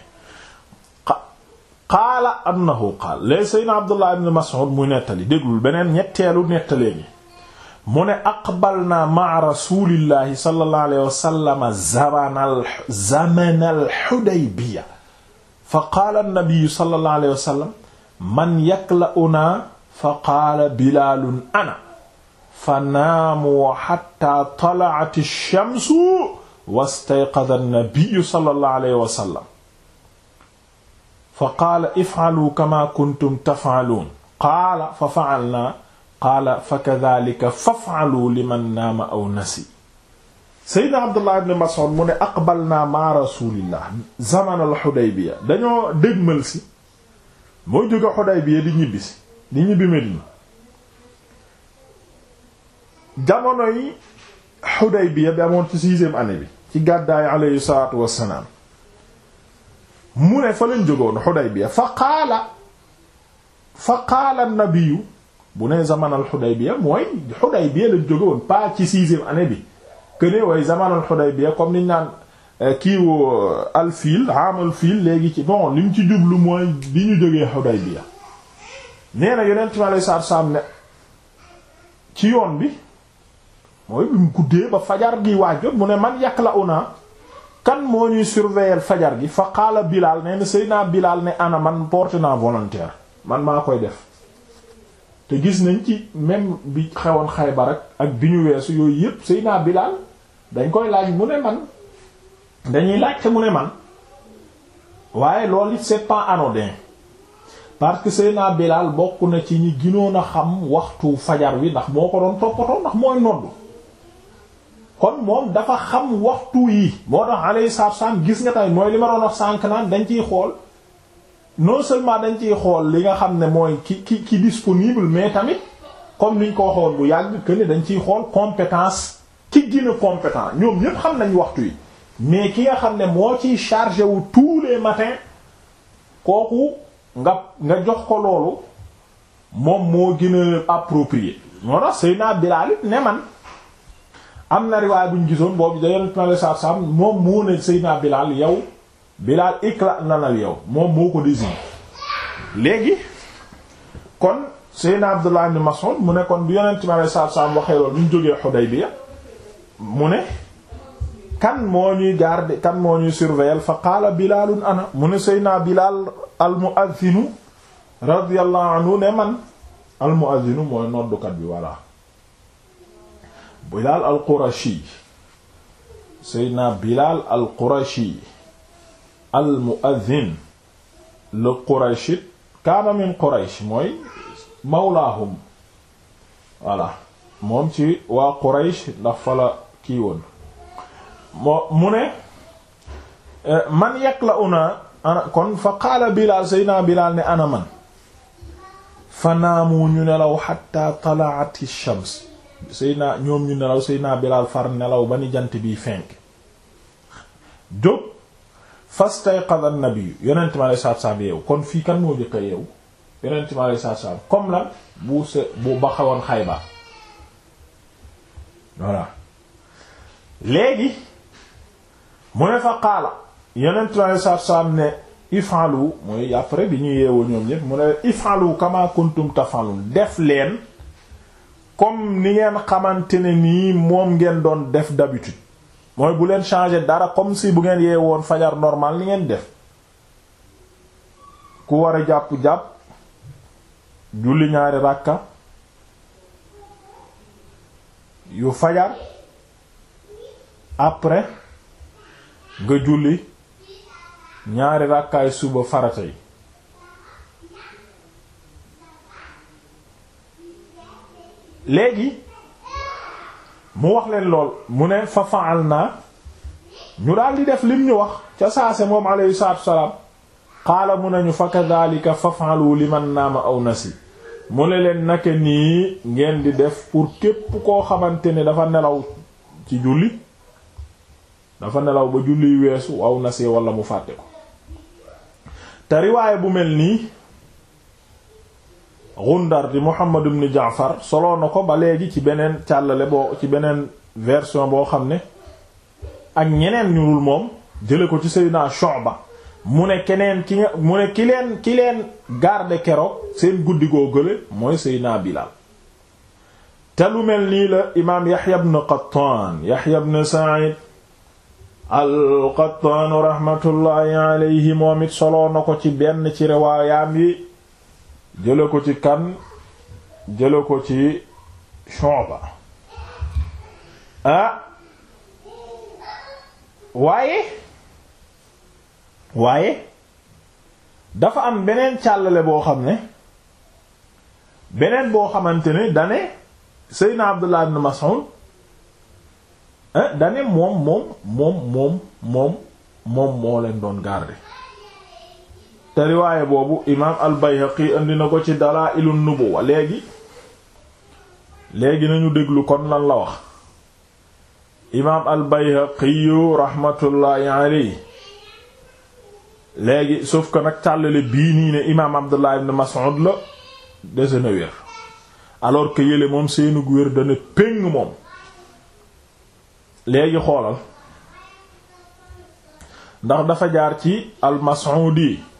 Speaker 1: qaala annahu qaal léegi seydna abdullah ibn mas'ud muy nettali déglul beneen ñetteelu nettalee ñi mu ne aqbalna ma'a rasulillahi sallallahu alayhi wa sallam zamanal zamanal hudaybiya fa qaala annabiyu sallallahu alayhi wa sallam man yakla'una fa qaala bilaalun ana fanaamu xatta talaat shamsu wastayqada nabiyu sallallahu alayhi wa sallam fa qaala if'aluu kamaa kuntum taf'aluun qaala fa fa'alnaa qaala fa kadhaalika faf'aluu liman naama aw nasi seydna abdullah ibn mas'ud mu ne aqbalnaa maa rasulillah zaman al xudaybiya dañoo dégmal si moo jóge xudaybiya di ñibbisi di ñibbi Medina jamono yi Hudaybiya bi amoon ci sixième année bi ci gàddaay alayhi salaatu wassalaam mu ne fa lañ jógoon Hudaybiya fa qaala fa qaala nabiyu bu ne zamanal Hudaybiya mooy Hudaybiya lañ jógoon pas ci sixième année bi que ne way zamanal Hudaybiya comme niñ naan euh, kiiwu euh, alfiil amal fiil léegi ci bon li mu ci jublu mooy bi ñu jógee Hudaybiya nee na yonent mi alayhi salaatu wassalaam ne ci yoon bi mooy bi guddee ba fajar gi waaj jot mu ne man yàq la una kan moo ñuy surveiller fajar gi fa xaala Bilal nee na Seydina Bilal ne ana man porte naa volontaire man maa koy def te gis nañ ci même bi xewoon Xaybar rek ak bi ñu weesu yooyu yëpp Seydina Bilal dañ koy laaj mu ne man dañuy laaj te mu ne man waaye loolu it c'est pas anodin parce que Seydina Bilal bokk na ci ñi ginoon a xam waxtu fajar wi ndax moo ko doon toppatoo ndax mooy noddu kon moom dafa xam waxtu yi moo tax alayhi salaatu salaam gis nga tamit mooy li ma doon wax naan dañ ciy xool non seulement dañ ciy xool li nga xam ne mooy ki ki ki disponible mais tamit comme niñ ko waxoon bu yàgg que dañ ciy xool compétence ki gën a compétent ñoom ñépp xam nañ waxtu yi mais ki nga xam ne moo ciy chargé wu tous les matins kooku nga nga jox ko loolu moom moo gën a approprié moo tax Seydina Bilaal ne man am na riwaay bu gisoon boobu da yonent mi alei moom moo ne Seydina Bilaal yow Bilaal ikla nanal yow moom moo ko désigné léegi kon Seydina Abdullah ibn Mas'ud mu ne kon bi yonent mi alei satu salaam waxee loolu ñu jógee Xudaybiya mu ne kan moo ñuy garder kan moo ñuy surveiller fa qaala Bilaalun ana mu ne Seydina Bilaal al muazzinu radiyallahu anhu ne man al muazzinu mooy noddukat bi voilà bilaal al qurashi seydna bilaal al qurashi al mu'adhin le qurayshit kaana min quraysh mooy mawlaahum voilà moom ci waa quraysh ndax fala kii woon mu ne eh, man yakla una kon fa qaala bilaal seydna bilaal ne ana man fa naamu ñu nelaw xatta talaati shams naa ñoom ñu nelaw Seydina Bilaal far nelaw ba ni jant biy fenk jóg fastayqadha an-nabi yonent mi alayhi salaatu salaam yeewu kon fii kan moo jëkk a yeewu yonent mi alayhi salaatu salaam comme la bu se bu ba xawoon Xaybar voilà léegi mu ne fa qaala yonent mi alayhi salaatu salaam ne if'alu mooy après bi ñu yeewoo ñoom ñépp mu ne if'alu kama kuntum def leen comme ni ngeen xamante ne nii moom ngeen doon def d'habitude mooy bu leen changer dara comme si bu ngeen yee woon fajar normal ni ngeen def ku war a jàpp-jàpp julli ñaari ràkka yu fajar après nga julli ñaari ràkkaay suba farata yi léegi mu wax leen lool mu ne fa faal naa ñu daldi def lim ñu wax ca saase moom alayhi salaatu wasalaam xaala mu nañu fa li man naa ma aw nasi mu ne leen naka nii ngeen di def pour képp koo xamante ni dafa nelaw ci julli dafa nelaw ba julliy weesu aw nasi wala mu fàtte ko te riwaaye bu mel nii Gundar di Muhammad ibn Jaafar soloo na ko ba léegi ci beneen càllale boo ci beneen version boo xam ne ak ñeneen ñu moom jële ko ci Seydina Shu'ba mu ne keneen ki mu ne ki leen ki leen garde keroog seen guddi goo gële mooy Seydina Bilaal te lu mel nii la imaam Yahya ibn Qattaan Yahya ibn Sa'id al-Qattaan rahmatullahi alayhi moom it soloo ko ci benn ci riwaayaam yi jële ko ci kan jële ko ci Shu'ba ah waaye waaye dafa am beneen càllale boo xam ne beneen boo xamante ne dane Seydina Abdullah ibn Mas'ud eh, dane moom moom moom moom moom moom moo leen doon garder te riwaaye boobu imaam al-Bayhaqi indi na ko ci Dalaa'ilun Nubuwwa léegi léegi nañu déglu kon lan la wax imaam al-Bayhaqi rahmatullaahi alayhi léegi suuf ko nag tàllale bii nii ne imaam Abdullah ibn Mas'ud la dese na wér alors que yële moom seenug wér dana péng moom léegi xoolal ndax dafa jaar ci al-Mas'udi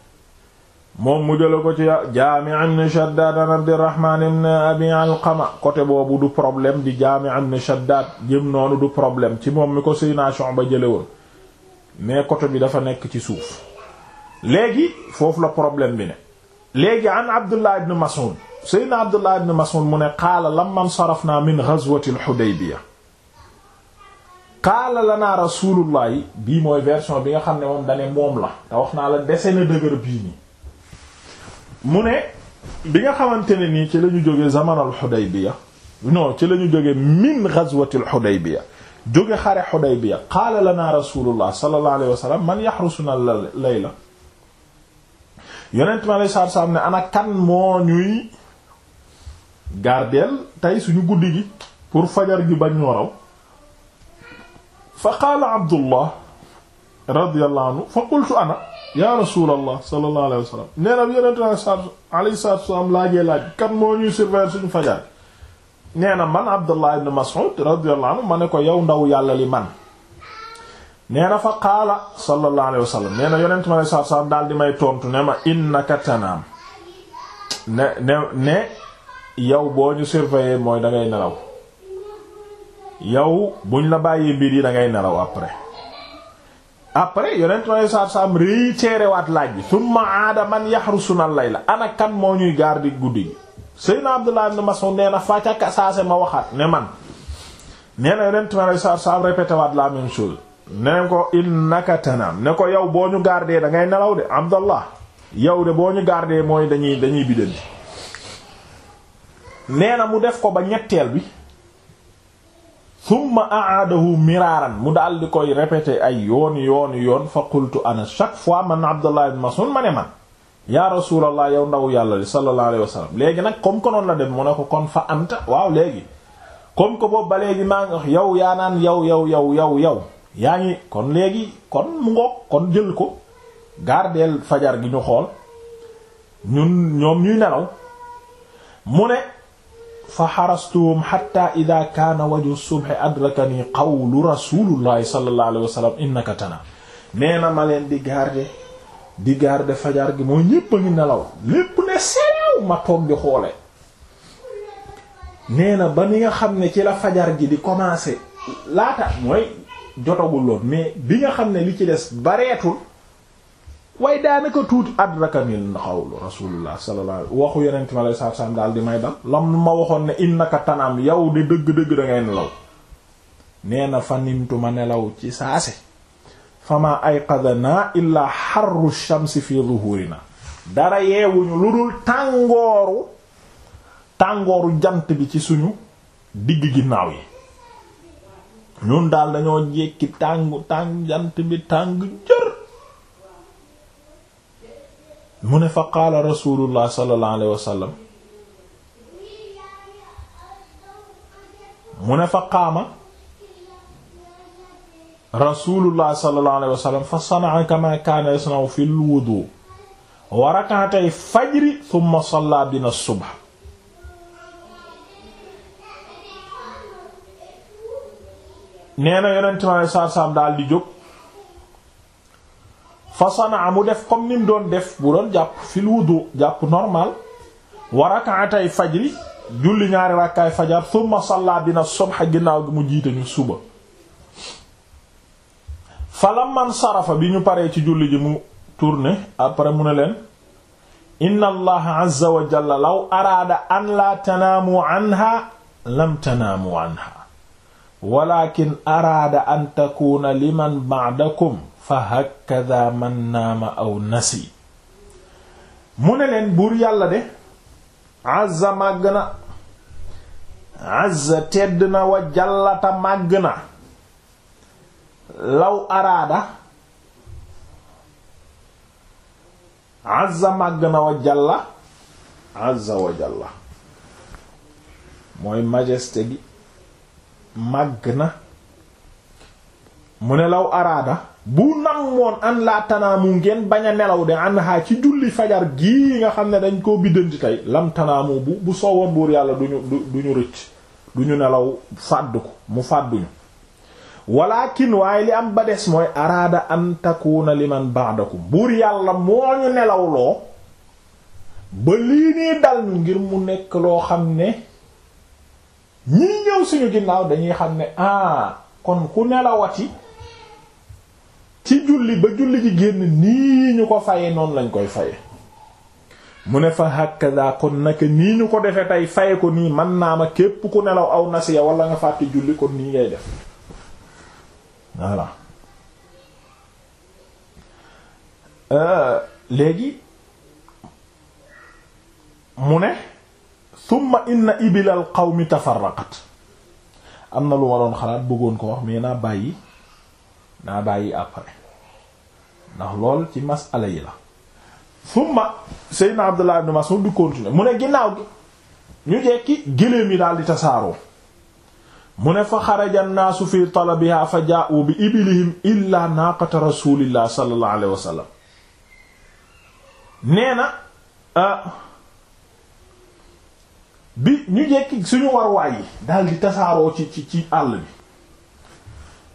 Speaker 1: moom mu jële ko ci jaami ibn Shaddaad an Abdirahmaan ibn Abi Alqama côté boobu du problème di jaami ibn Shaddaad jëm noonu du problème ci moom mi ko Seydina ba jële woon mais côté bi dafa nekk ci suuf léegi foofu la problème bi ne léegi an Abdullah ibn Mas'ud Seydina Abdullah ibn Mas'ud mu ne qaala lamma sarafnaa min ghazwati al-Hudaybiyah qaala lanaa rasuulullahi bii mooy version bi nga xam ne moom dane moom la te wax naa la dese na dëgër bii nii mu ne bi nga xamante ne nii ci la ñu jóge zamanal Xudaybiya non ci la ñu jóge min ghazwatil Xudaybiya jóge xare Xudaybiya qaala lana rasulullah sallallahu wa sallam man yahrusuna layla yonent mi alayhi salaatu salaam ne ana kan moo ñuy gardeel tey suñu guddi gi pour fajar gi bañ waraw fa qaala Abdullah radiyallahu anhu fa qultu ana yaa rasulallah sallallahu alayhi nee na bi yonente sa alayhi salaatu wasalaam laajee laaj kan moo ñuy surveiller suñu fajar nee na man Abdullah ibn Mas'ud radiyallahu ma ne ko yow ndaw yàlla li man nee na fa qaala sallallahu na yonente mi alayhi salaatu wasalaam daal di may tontu ne ma innaka tanaam ne ne ne yow boo ñu surveiller mooy dangay ngay nelaw yow buñ la bàyyi mbir yi da ngay nelaw après après yonent ma saab saab réitérer waat laaj bi summa aada man lay la ana kan moo ñuy garder guddi gi Seydina Abdullah ibn Mas'ud nee na fàccaka saase ma waxaat ne man nee na yonent ma saab saab répété ne ko innaka tanam ne ko yow boo ñu garder da ngay nelaw de Abdallah yow de boo ñu garder mooy dañuy dañuy biddanti nee na mu def ko ba ñetteel bi thumma aadahu miraaran mu daal di koy répété ay yoon yoon yoon fa qultu ana chaque fois man Abdullah ibn Mas'ud ma ne man yaa rasulallah yow ndawu yàlla li sallallahu alayhi wa léegi nag comme que noonu la def mu ne ko kon fa anta waaw léegi comme ko boobu ba léegi maa ngi wax yow yaa naan yow yow yow yow yow yaa ngi kon léegi kon mu ngoog kon jël ko gardeel fajar gi ñu xool ñun ñoom ñuy nelaw mu ne fa xarastuhum xatta ida kaana waju subxe adrakani qawlu rasulullahi sallallahu alayhi wa sallam innaka tana nee na ma leen di garde di garde fajar gi mooy ñépp a ngi nelaw lépp ne seew ma toog di xoole nee na ba ni nga xam ne ci la fajar gi di commencer laata mooy jotagul loon mais bi nga xam ne li ci des bareetul waaye daanaka tuuti adrakanil raka rasulullah sallallahu alayhi waxu yeneen daal di may dal lam ma waxoon ne innaka tanaam yow di dëgg-dëgg da nelaw nee na fa nimtu ma nelaw ci saase fama ayqadana illa xarru shamsi fi zuhurina dara yeewuñu lu dul tàngooru tàngooru jant bi ci suñu digg ginnaaw yi ñun daal dañoo jekki tàngu tàng jant bi tàng jër mu ne fa qaala rasulullah sallallahu ne fa qaama rasulullah sallallahu alayhi wa sallam fa sana'a kama kaana yasna'u fajri thumma salla bina subh nee na yonent ma sallallahu alayhi wa daal di jóg fa sanaa mu def kom ni doon def bu doon jàpp fil wudu jàpp normal wa rak'atay fajri julli ñaari rakkaay fajar thumma salla bina subha ginnaaw gi mu jiite ñu suba falamman sarafa bi ñu paree ci julli ji mu tourné après mu ne leen inna allaha azza wa law araada an laa tanaamu anha lam tanaamu anha walakin araada an takuna liman ba'dakum fa hakada man ma aw nasi mu ne leen buur yàlla de azza màgg na azza tedd na wa jallata màgg na law araada azza màgg na wa jalla azza wa jalla mooy majesté gi màgg na mu ne law araada bu namoon an laa tanaamu ngeen bañ a nelaw de anha ci julli fajar gii nga xam ne dañ koo biddanti tey lam tanaamu bu bu soowoon buur yàlla duñu du ñu rëcc du nelaw fàdd ko mu fàdduñu walakin waaye li am ba des mooy araada an na liman ba'dakum buur yàlla moo ñu loo ba lii nii dal ñu ngir mu nekk loo xam ne ñii ñëw suñu ginnaaw dañuy xam ne ah kon ku nelawati ci julli ba julli ji génn nii ñu ko faye noonu lañ koy faye mu ne fa hakaza kon naka nii ñu ko defee tey faye ko nii man naa ma képp ku nelaw aw nasiya wala nga fàtte julli kon nii ngay def voilà euh, léegi mu ne summa inna ibilal qawmi tafarraqat am na lu ma doon xalaat bëggoon ko wax mais naa bàyyi naa bàyyi après ndax lool ci masala yi la summa seydna Abdullah ibn Mas'ud di continuer mu ne ginnaaw gi ñu jekki géléem yi daal di tasaaroo mu ne fa xaraja nnaasu fi talabiha fa jaa'u bi iblihim illa naaqata rasulillah sallallahu alayhi wa nee na ah, bi ñu jekki suñu war waay yi tasaaroo ci ci ci àll bi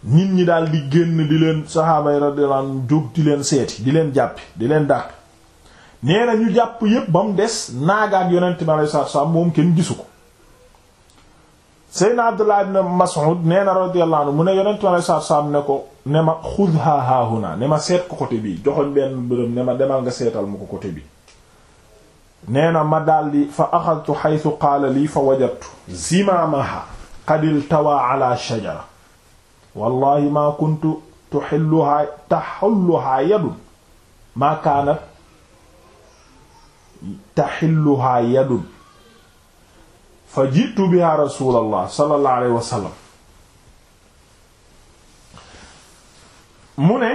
Speaker 1: nit ñi daal di génn di leen saxaaba yi radiyallahu anhum jóg di leen seeti di leen jàppi di leen dàq nee na ñu jàpp yëpp ba mu des naaga ak yonent mi alayhi salaatu moom kenn gisu ko Seydina Abdullah na Mas'ud nee na radiyallahu mu ne yonent mi alayhi salaatu salaam ne ko ne ma xudha naa ne ma seet ko côté bi joxoñ benn bërëm ne ma demal nga seetal ma ko côté bi nee na ma daldi fa axadtu xaytu qaala lii fa wajadtu zimaamaha qad iltawa ala shajara wallahi maa kuntu tuxilluhaa taxulluhaa yadun maa kaanat taxilluhaa yadun fa jitu biha rasulallah sallallahu alayhi wa sallam mu ne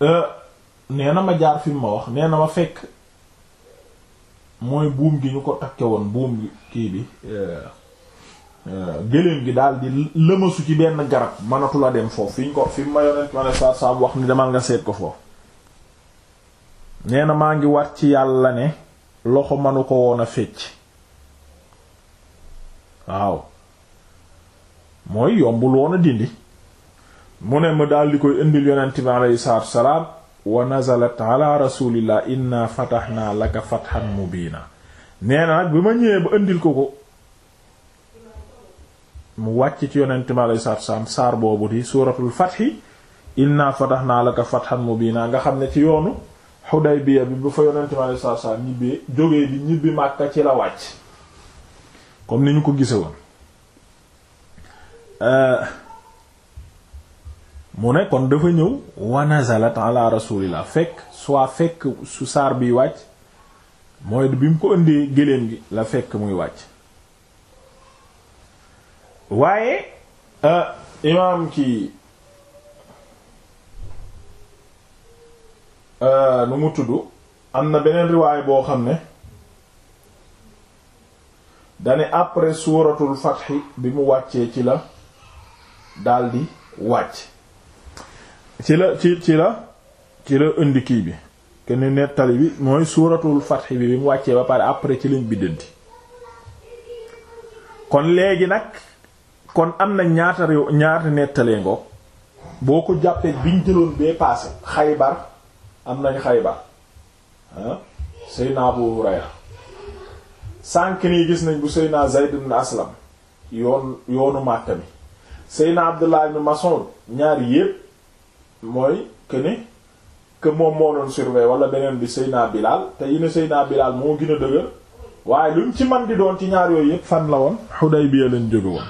Speaker 1: e, nee na ma jaar fi ma wax nee na ma fekk mooy buum gi ñu ko takke woon buum kii bi e, Euh, gëléem gi daal di ci benn garab mënatula dem foofu fi ko fi ma yonent ma ne saa saa wax ni demal nga seet ko foofu nee na maa ngi wat ci yàlla ne loxo manu ko woon a fecc waaw mooy yombul woon a dindi mu ne ma daldi koy indil yonent bi aleyhi salaatu wasalaam wa nazalat ala rasulillah inna fatahnaa laka fathan mubiina nee na nag bi ma ñëwee ba indil ko ko mu wàcc ci yonent mi alayhi salaatu salaam saar boobu di suuratul fathi inna fatahna laka bii naa nga xam ne ci yoonu Hudaybiya bi bu fa yonent mi alayhi salaatu salaam ñibbee jógee bi ñibbi màkk ci la wàcc comme ni ñu ko gise woon euh, mu ne kon dafa ñëw wa nazalat ala rasulillah fekk soit fekk su saar biy wàcc mooy bi mu ko ëndee gëléem gi la fekk muy wàcc waaye euh, imaam ki euh, nu mu tudd am na beneen riwaay boo xam ne dane après suuratul fatxi bi mu wàccee ci la daldi wàcc ci la ci ci la ci la indi kii bi kenn nettali bi mooy suuratul fatxi bi bi mu wàccee ba pare après ci lañ biddanti kon léegi nag kon am na ñaata réew ñaata nettalee ngoog boo ko jàppee biñ jëloon bee paase xaybar am nañ xaybar ah Seyna Abu Hurayra sànq nii gis nañ bu Seyna Zayd ibn Aslam yoon yoonu Màkka mi Seyna Abdullah ibn Mas'ud ñaari yépp mooy que ne moom moo doon surveiller wala beneen bi Seyna Bilal te yi ne Seyna Bilal moo gën a dëgër waaye luñ ci man di doon ci ñaar yooyu yépp fan la woon Hudaybiya lañ jóge woon.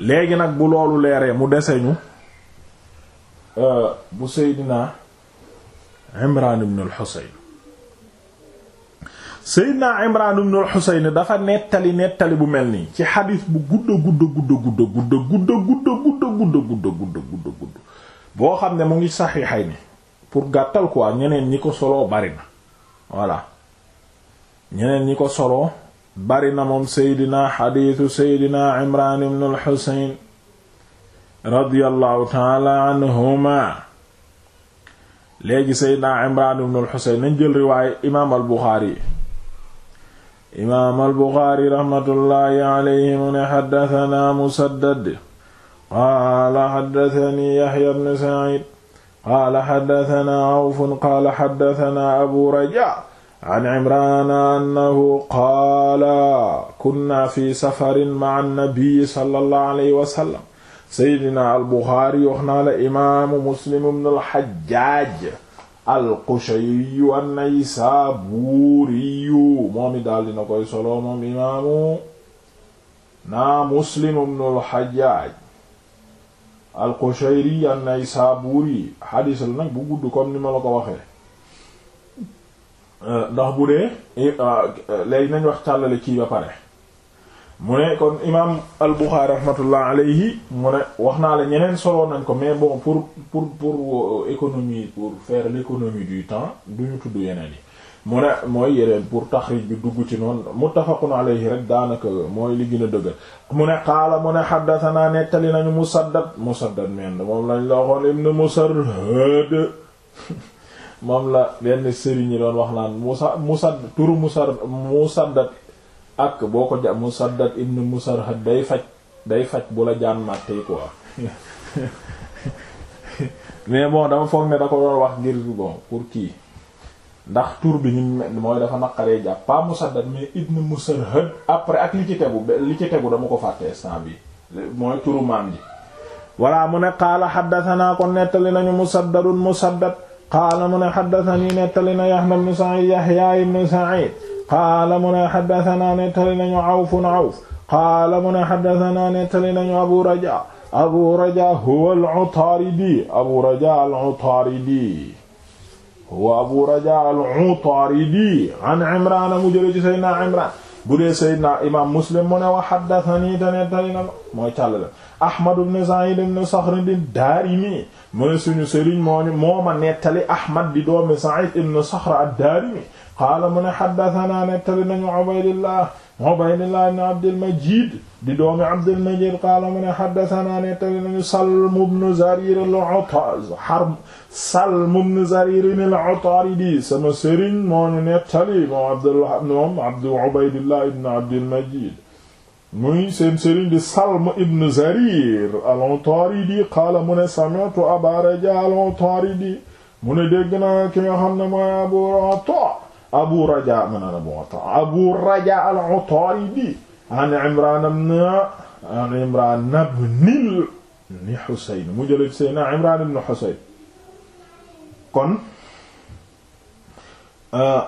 Speaker 1: léegi nag bu loolu leeree mu deseñu bu Seydina Imraan ibn al-Husayn Seydina Imraan ibn al-Husayn dafa nettali nettali bu mel nii ci xadiis bu gudda gudda gudda gudda gudda gudda gudda gudda gudda gudda gudda gudda boo xam ne mu ngi saxiixay ni pour gàttal quoi ñeneen ñi ko soloo bari na voilà ñeneen ñi ko solo bari na moom seydina xadiisu seydina imran ibn alxusain radiyallahu taala anhuma léegi seydina imran ibn alxusain nañ jël riwaaya imaam albuxaari imaam albuxaari raxmatullaahi alayhi mu ne xaddatanaa musaddad qaala xaddatani yaxya bnu saciid qaala xaddatanaa awfun qaala xaddatanaa abu rajaa an imrana annahu qaala kunna fi safarin ma annabii sallallahu alayhi wa sallam seydina albuxaari wax naa la imaamu muslim ibn alxajjaaj alqushayiyu annaysaaburiyu moom i daal dina koy solo moom imaamu naa muslim ibn alxajjaaj alqushayri annaysaaburi xadiis la nag bu gudd comme ni ma la ko waxee Euh, ndax bu dee euh, léegi nañ wax càllale kii ba pare mu ne kon imaam al Buxaari rahmatullah mu ne wax naa la ñeneen solo nañ ko mais bon pour pour pour euh, économie pour faire l'économie du temps duñu tudd yeneen yi mu ne mooy yéreen pour taxrij bi dugg ci noonu mu muttafaqun alayhi rek daanaka mooy li gën a dëgër mu ne qaala mu ne xaddatanaa nettali nañu Musaddad Musaddad men moom lañ la waxoon ibn Musarhad moom la benn sëriñ ñi doon wax naan musa musad turu musa musaddat ak boo ko ja musaddat ibn musarhad day faj day faj bu la jaan màttey quoi mais bon dama foog ne da ko doon wax ngir bon pour kii ndax tur bi ñu mooy dafa naqaree jàpp pas musaddat mais ibn musarhad après ak li ci tegu ci tegu dama ko fàtte instant bi mooy turu maam ji voilà mu ne qaala xaddatanaa kon nettali nañu musaddadun musaddat qaala mu ne xaddatanii nettali na Yahya ibn Sa'id Yahya ibn Sa'id qaala mu ne xaddatanaa nettali nañu Awfun Awf qaala mu ne xaddatanaa nettali nañu Abu Raja Abu Raja huwa al-Utaridi Abu Raja al-Utaridi huwa Abu Raja al-Utaridi an Imraan mu jële ci Seydina Imraan bu dee sayyidna imam muslim mu ne wa haddathani te nettali na ma mooy càllale ahmad ibn sa'id ibn sakhr ad-darimi mu ne suñu sëriñ moo moo ma nettali ahmad di doomi sa'id ibn sakhr ad-darimi qaala mu ne haddathana nettali nañu ubaydillah ubaydillah ibn abdul majid di doomi abdul majid qaala mu ne haddathana nettali nañu salm ibn zarir al-utaz harb Salm ibn Zarir al-Utaridi sama sëriñ moo ñu nettali moom Abdullah moom Abdu muy seen di Salm ibn Zarir al-Utaridi qaala mu Aba Raja al-Utaridi mu ne dégg ki nga xam ne mooy Abu ma Abu Raja al an Imran ibn an Imran ibn Husayn mu jël Seydina Imran kon euh,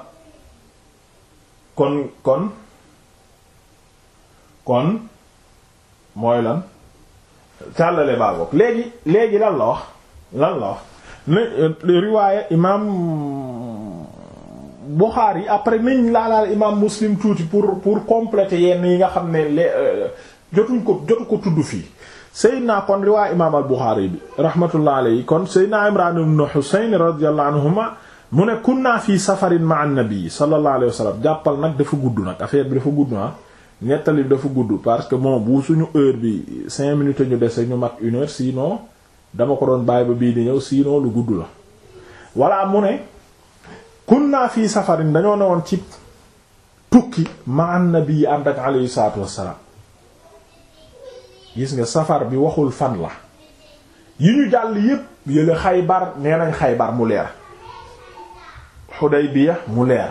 Speaker 1: kon kon kon mooy lan càllale baagoog léegi léegi lan la wax lan la wax ne euh, riwaaye imaam Buxaari yi après nañ laalaal imaam Muslim tuuti pour pour compléter yenn yi nga xam ne le euh, jotuñ ko jotu ko tudd fii Seydina kon riwaa imaam al-Buxaari bi rahmatullah alayhi kon Seydina Imraan ibn Husayn radiyallahu anhuma mu ne kunna fi safarin ma'a an-nabi sallallahu alayhi wa sallam jàppal nag dafa gudd nag affaire bi dafa gudd ah nettali bi gudd parce que bon bu suñu heure bi cinq minutes ñu dese ñu une heure sinon dama ko doon bàyyi ba bii di ñëw sinon lu gudd la voilà mu ne kunna fi safarin dañoo newoon ci tukki ma'a an-nabi ànd ak salaatu wassalaam gis nga safar bi waxul fan la yi ñu jàll yépp yële xaybar nee nañ xaybar mu leer Xudaybiya mu leer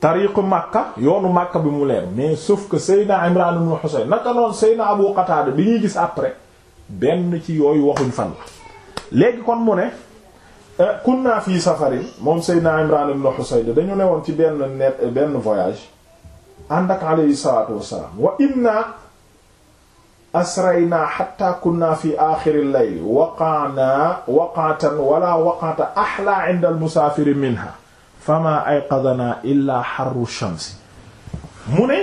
Speaker 1: tariqu Makka yoonu Makka bi mu leer mais sauf que Seydina Imran ibn Husayn naka noonu Seydina Abu Qatada bi ñuy gis après benn ci yooyu waxuñ fan la léegi kon mu ne euh, kunna fii safarin moom Seydina Imran ibn Husayn dañu newoon ci benn net benn voyage ànd ak alayhi salatu wassalam wa asraynaa xatta kunna fi aaxiril layli waqaanaa waqaatan wala waqaata axlaa inda almusaafiri minha fama ayqadanaa illaa xarru shamsi mu ne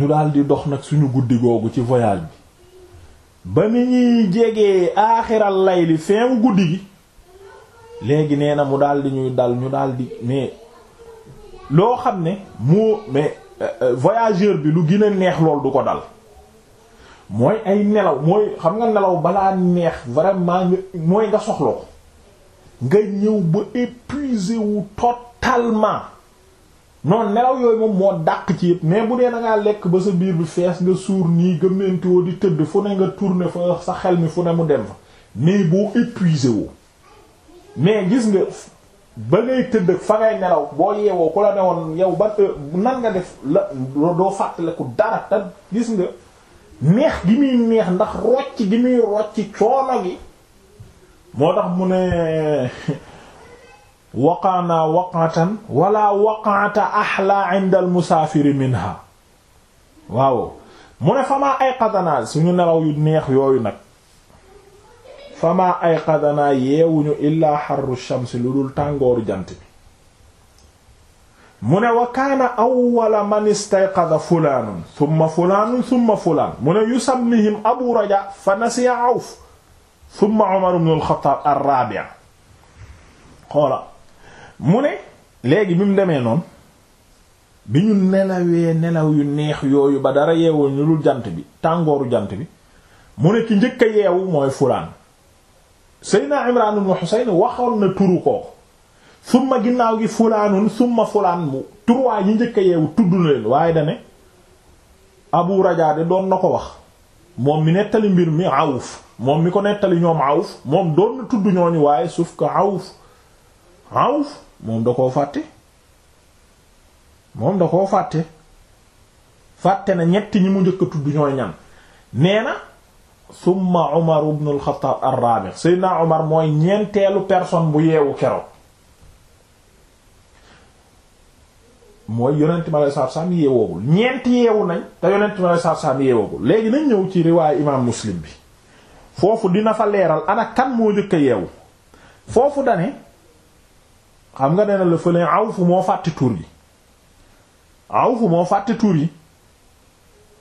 Speaker 1: ñu daal di dox nag suñu guddi googu ci voyage bi ba ni ñuy jegee aaxiral layli feewu guddi gi léegi nee na mu daal di ñuy dal ñu daal di mais loo xam ne moo mais voyageur bi lu gën neex lool du ko dal mooy ay nelaw mooy xam nga nelaw balaa neex vraiment nga mooy nga soxla ko nga ñëw ba épuisé wu totalement noonu nelaw yooyu moom moo dàq ci yëpp mais bu dee da lekk ba sa biir bi fees nga suur nii gëmmantiwoo di tëdd fu ne nga tourner fa sa xel mi fu ne mu dem fa mais boo épuisé woo mais gis nga ba ngay tëdd fa ngay nelaw boo yeewoo ku la ne woon yaw ba nan nga def la doo fàttaliku dara te gis nga neex gi muy neex ndax rocc gi muy rocc coono gi moo tax mu ne waqaanaa waqatan wala waqata ahla inda al musaafiri minha waaw mu ne famaa ay qadanaa suñu nelaw yu neex yooyu nag famaa ayqadanaa yeewuñu illaa xarru shams lu dul tàngooru jant bi mu ne wa kaana awwala man istayqada fulaanun thumma fulaanun thumma fulaan mu ne yusammihim abu raja fa nasiya awf thumma umar ibn al-khattab ar mu ne léegi bi mu demee noon bi ñu nelawee nelaw yu neex yooyu ba dara yeewuñu lu dul jant bi tàngooru jant bi mu ne ki njëkk yeewu mooy fulaan Seydina Imraan ibn Husayn waxoon na turu kooku summa ginnaaw gi fulaanun summa fulaan mu turuwaay ñi njëkk a yeewu tudd leen waaye dane Abu Rajaa de doon na ko wax moom mi nettali mbir mi Awf moom mi ko nettali ñoom Awf moom doon na tudd ñooñu waaye suuf ko Awf Awf moom da koo fàtte moom da koo fàtte fàtte na ñetti ñi mu njëkk a tudd ñooy nee na summa Umar ibn al-Khattab ar Umar mooy ñeenteelu personne bu yeewu keroog mooy yonent mi alayhi salaatu salaam yeewoogul ñeent yeewu nañ te yonent mi alayhi salaatu salaam yeewoogul léegi nañ ñëw ci riwaayu imaam Muslim bi foofu dina fa leeral ana kan moo njëkk a yeewu foofu dane xam nga dana la fële Awf moo fàtte tur yi Awf moo fàtte tur yi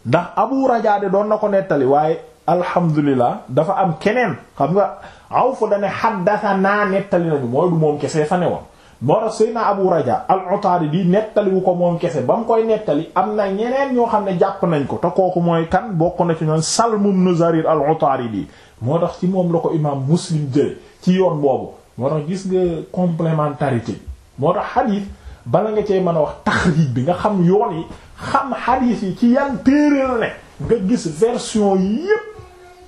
Speaker 1: ndax Abu Rajaade doon na ko nettali waaye alhamdulilah dafa am keneen xam nga Awf da ne naa nettali nañu mooy du moom kese fa ne woon moo tax Seydina Abu Raja al-Utaaridi nettaliwu ko moom kese ba mu koy nettali am na ñeneen ñoo xam ne jàpp nañ ko te kooku mooy kan bokk na ci ñoom Salm ibn Zarir al-Utaaridi moo tax ci moom la ko imaam Muslim jële ci yoon boobu moo tax gis nga complémentarité bi moo tax xadiis bala nga cee mën a wax taxriij bi nga xam yoon yi xam xadiis ci yan gis version yépp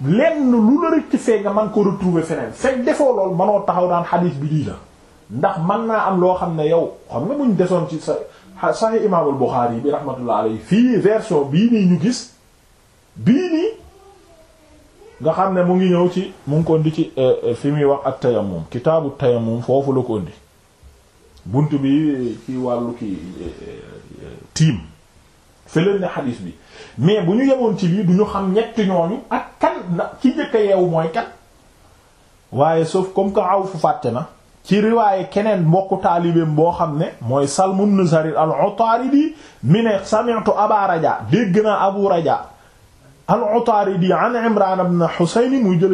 Speaker 1: lenn lu la rëcc fee nga man ko retrouver feneen fekk defoo lool manoo taxaw daan xadiis bi lii la ndax mën naa am loo xam ne yow xam nga muñ desoon ci sa Sahih Imaamul Buxaari bi rahmatullah alayhi fii version bii nii ñu gis bii nii nga xam ne mu ngi ñëw ci mu ngi ko indi ci euh, euh, fi muy wax ak moom kitaabu tayammum foofu la ko indi bunt bi ci wàllu ki euh, tiim fële ne bi mais bu ñu yemoon ci lii du ñu xam ñetti ñooñu ak kan na ci njëkk a yeewu mooy kan waaye sauf comme que aw fu fàtte na ci riwaaye keneen mbokku taalibeem boo xam ne mooy Salm ibn Zarir al-Utaridi mi ne sami'tu Aba Raja dégg naa Abu Raja al-Utaridi an Imran ibn Husayn muy jël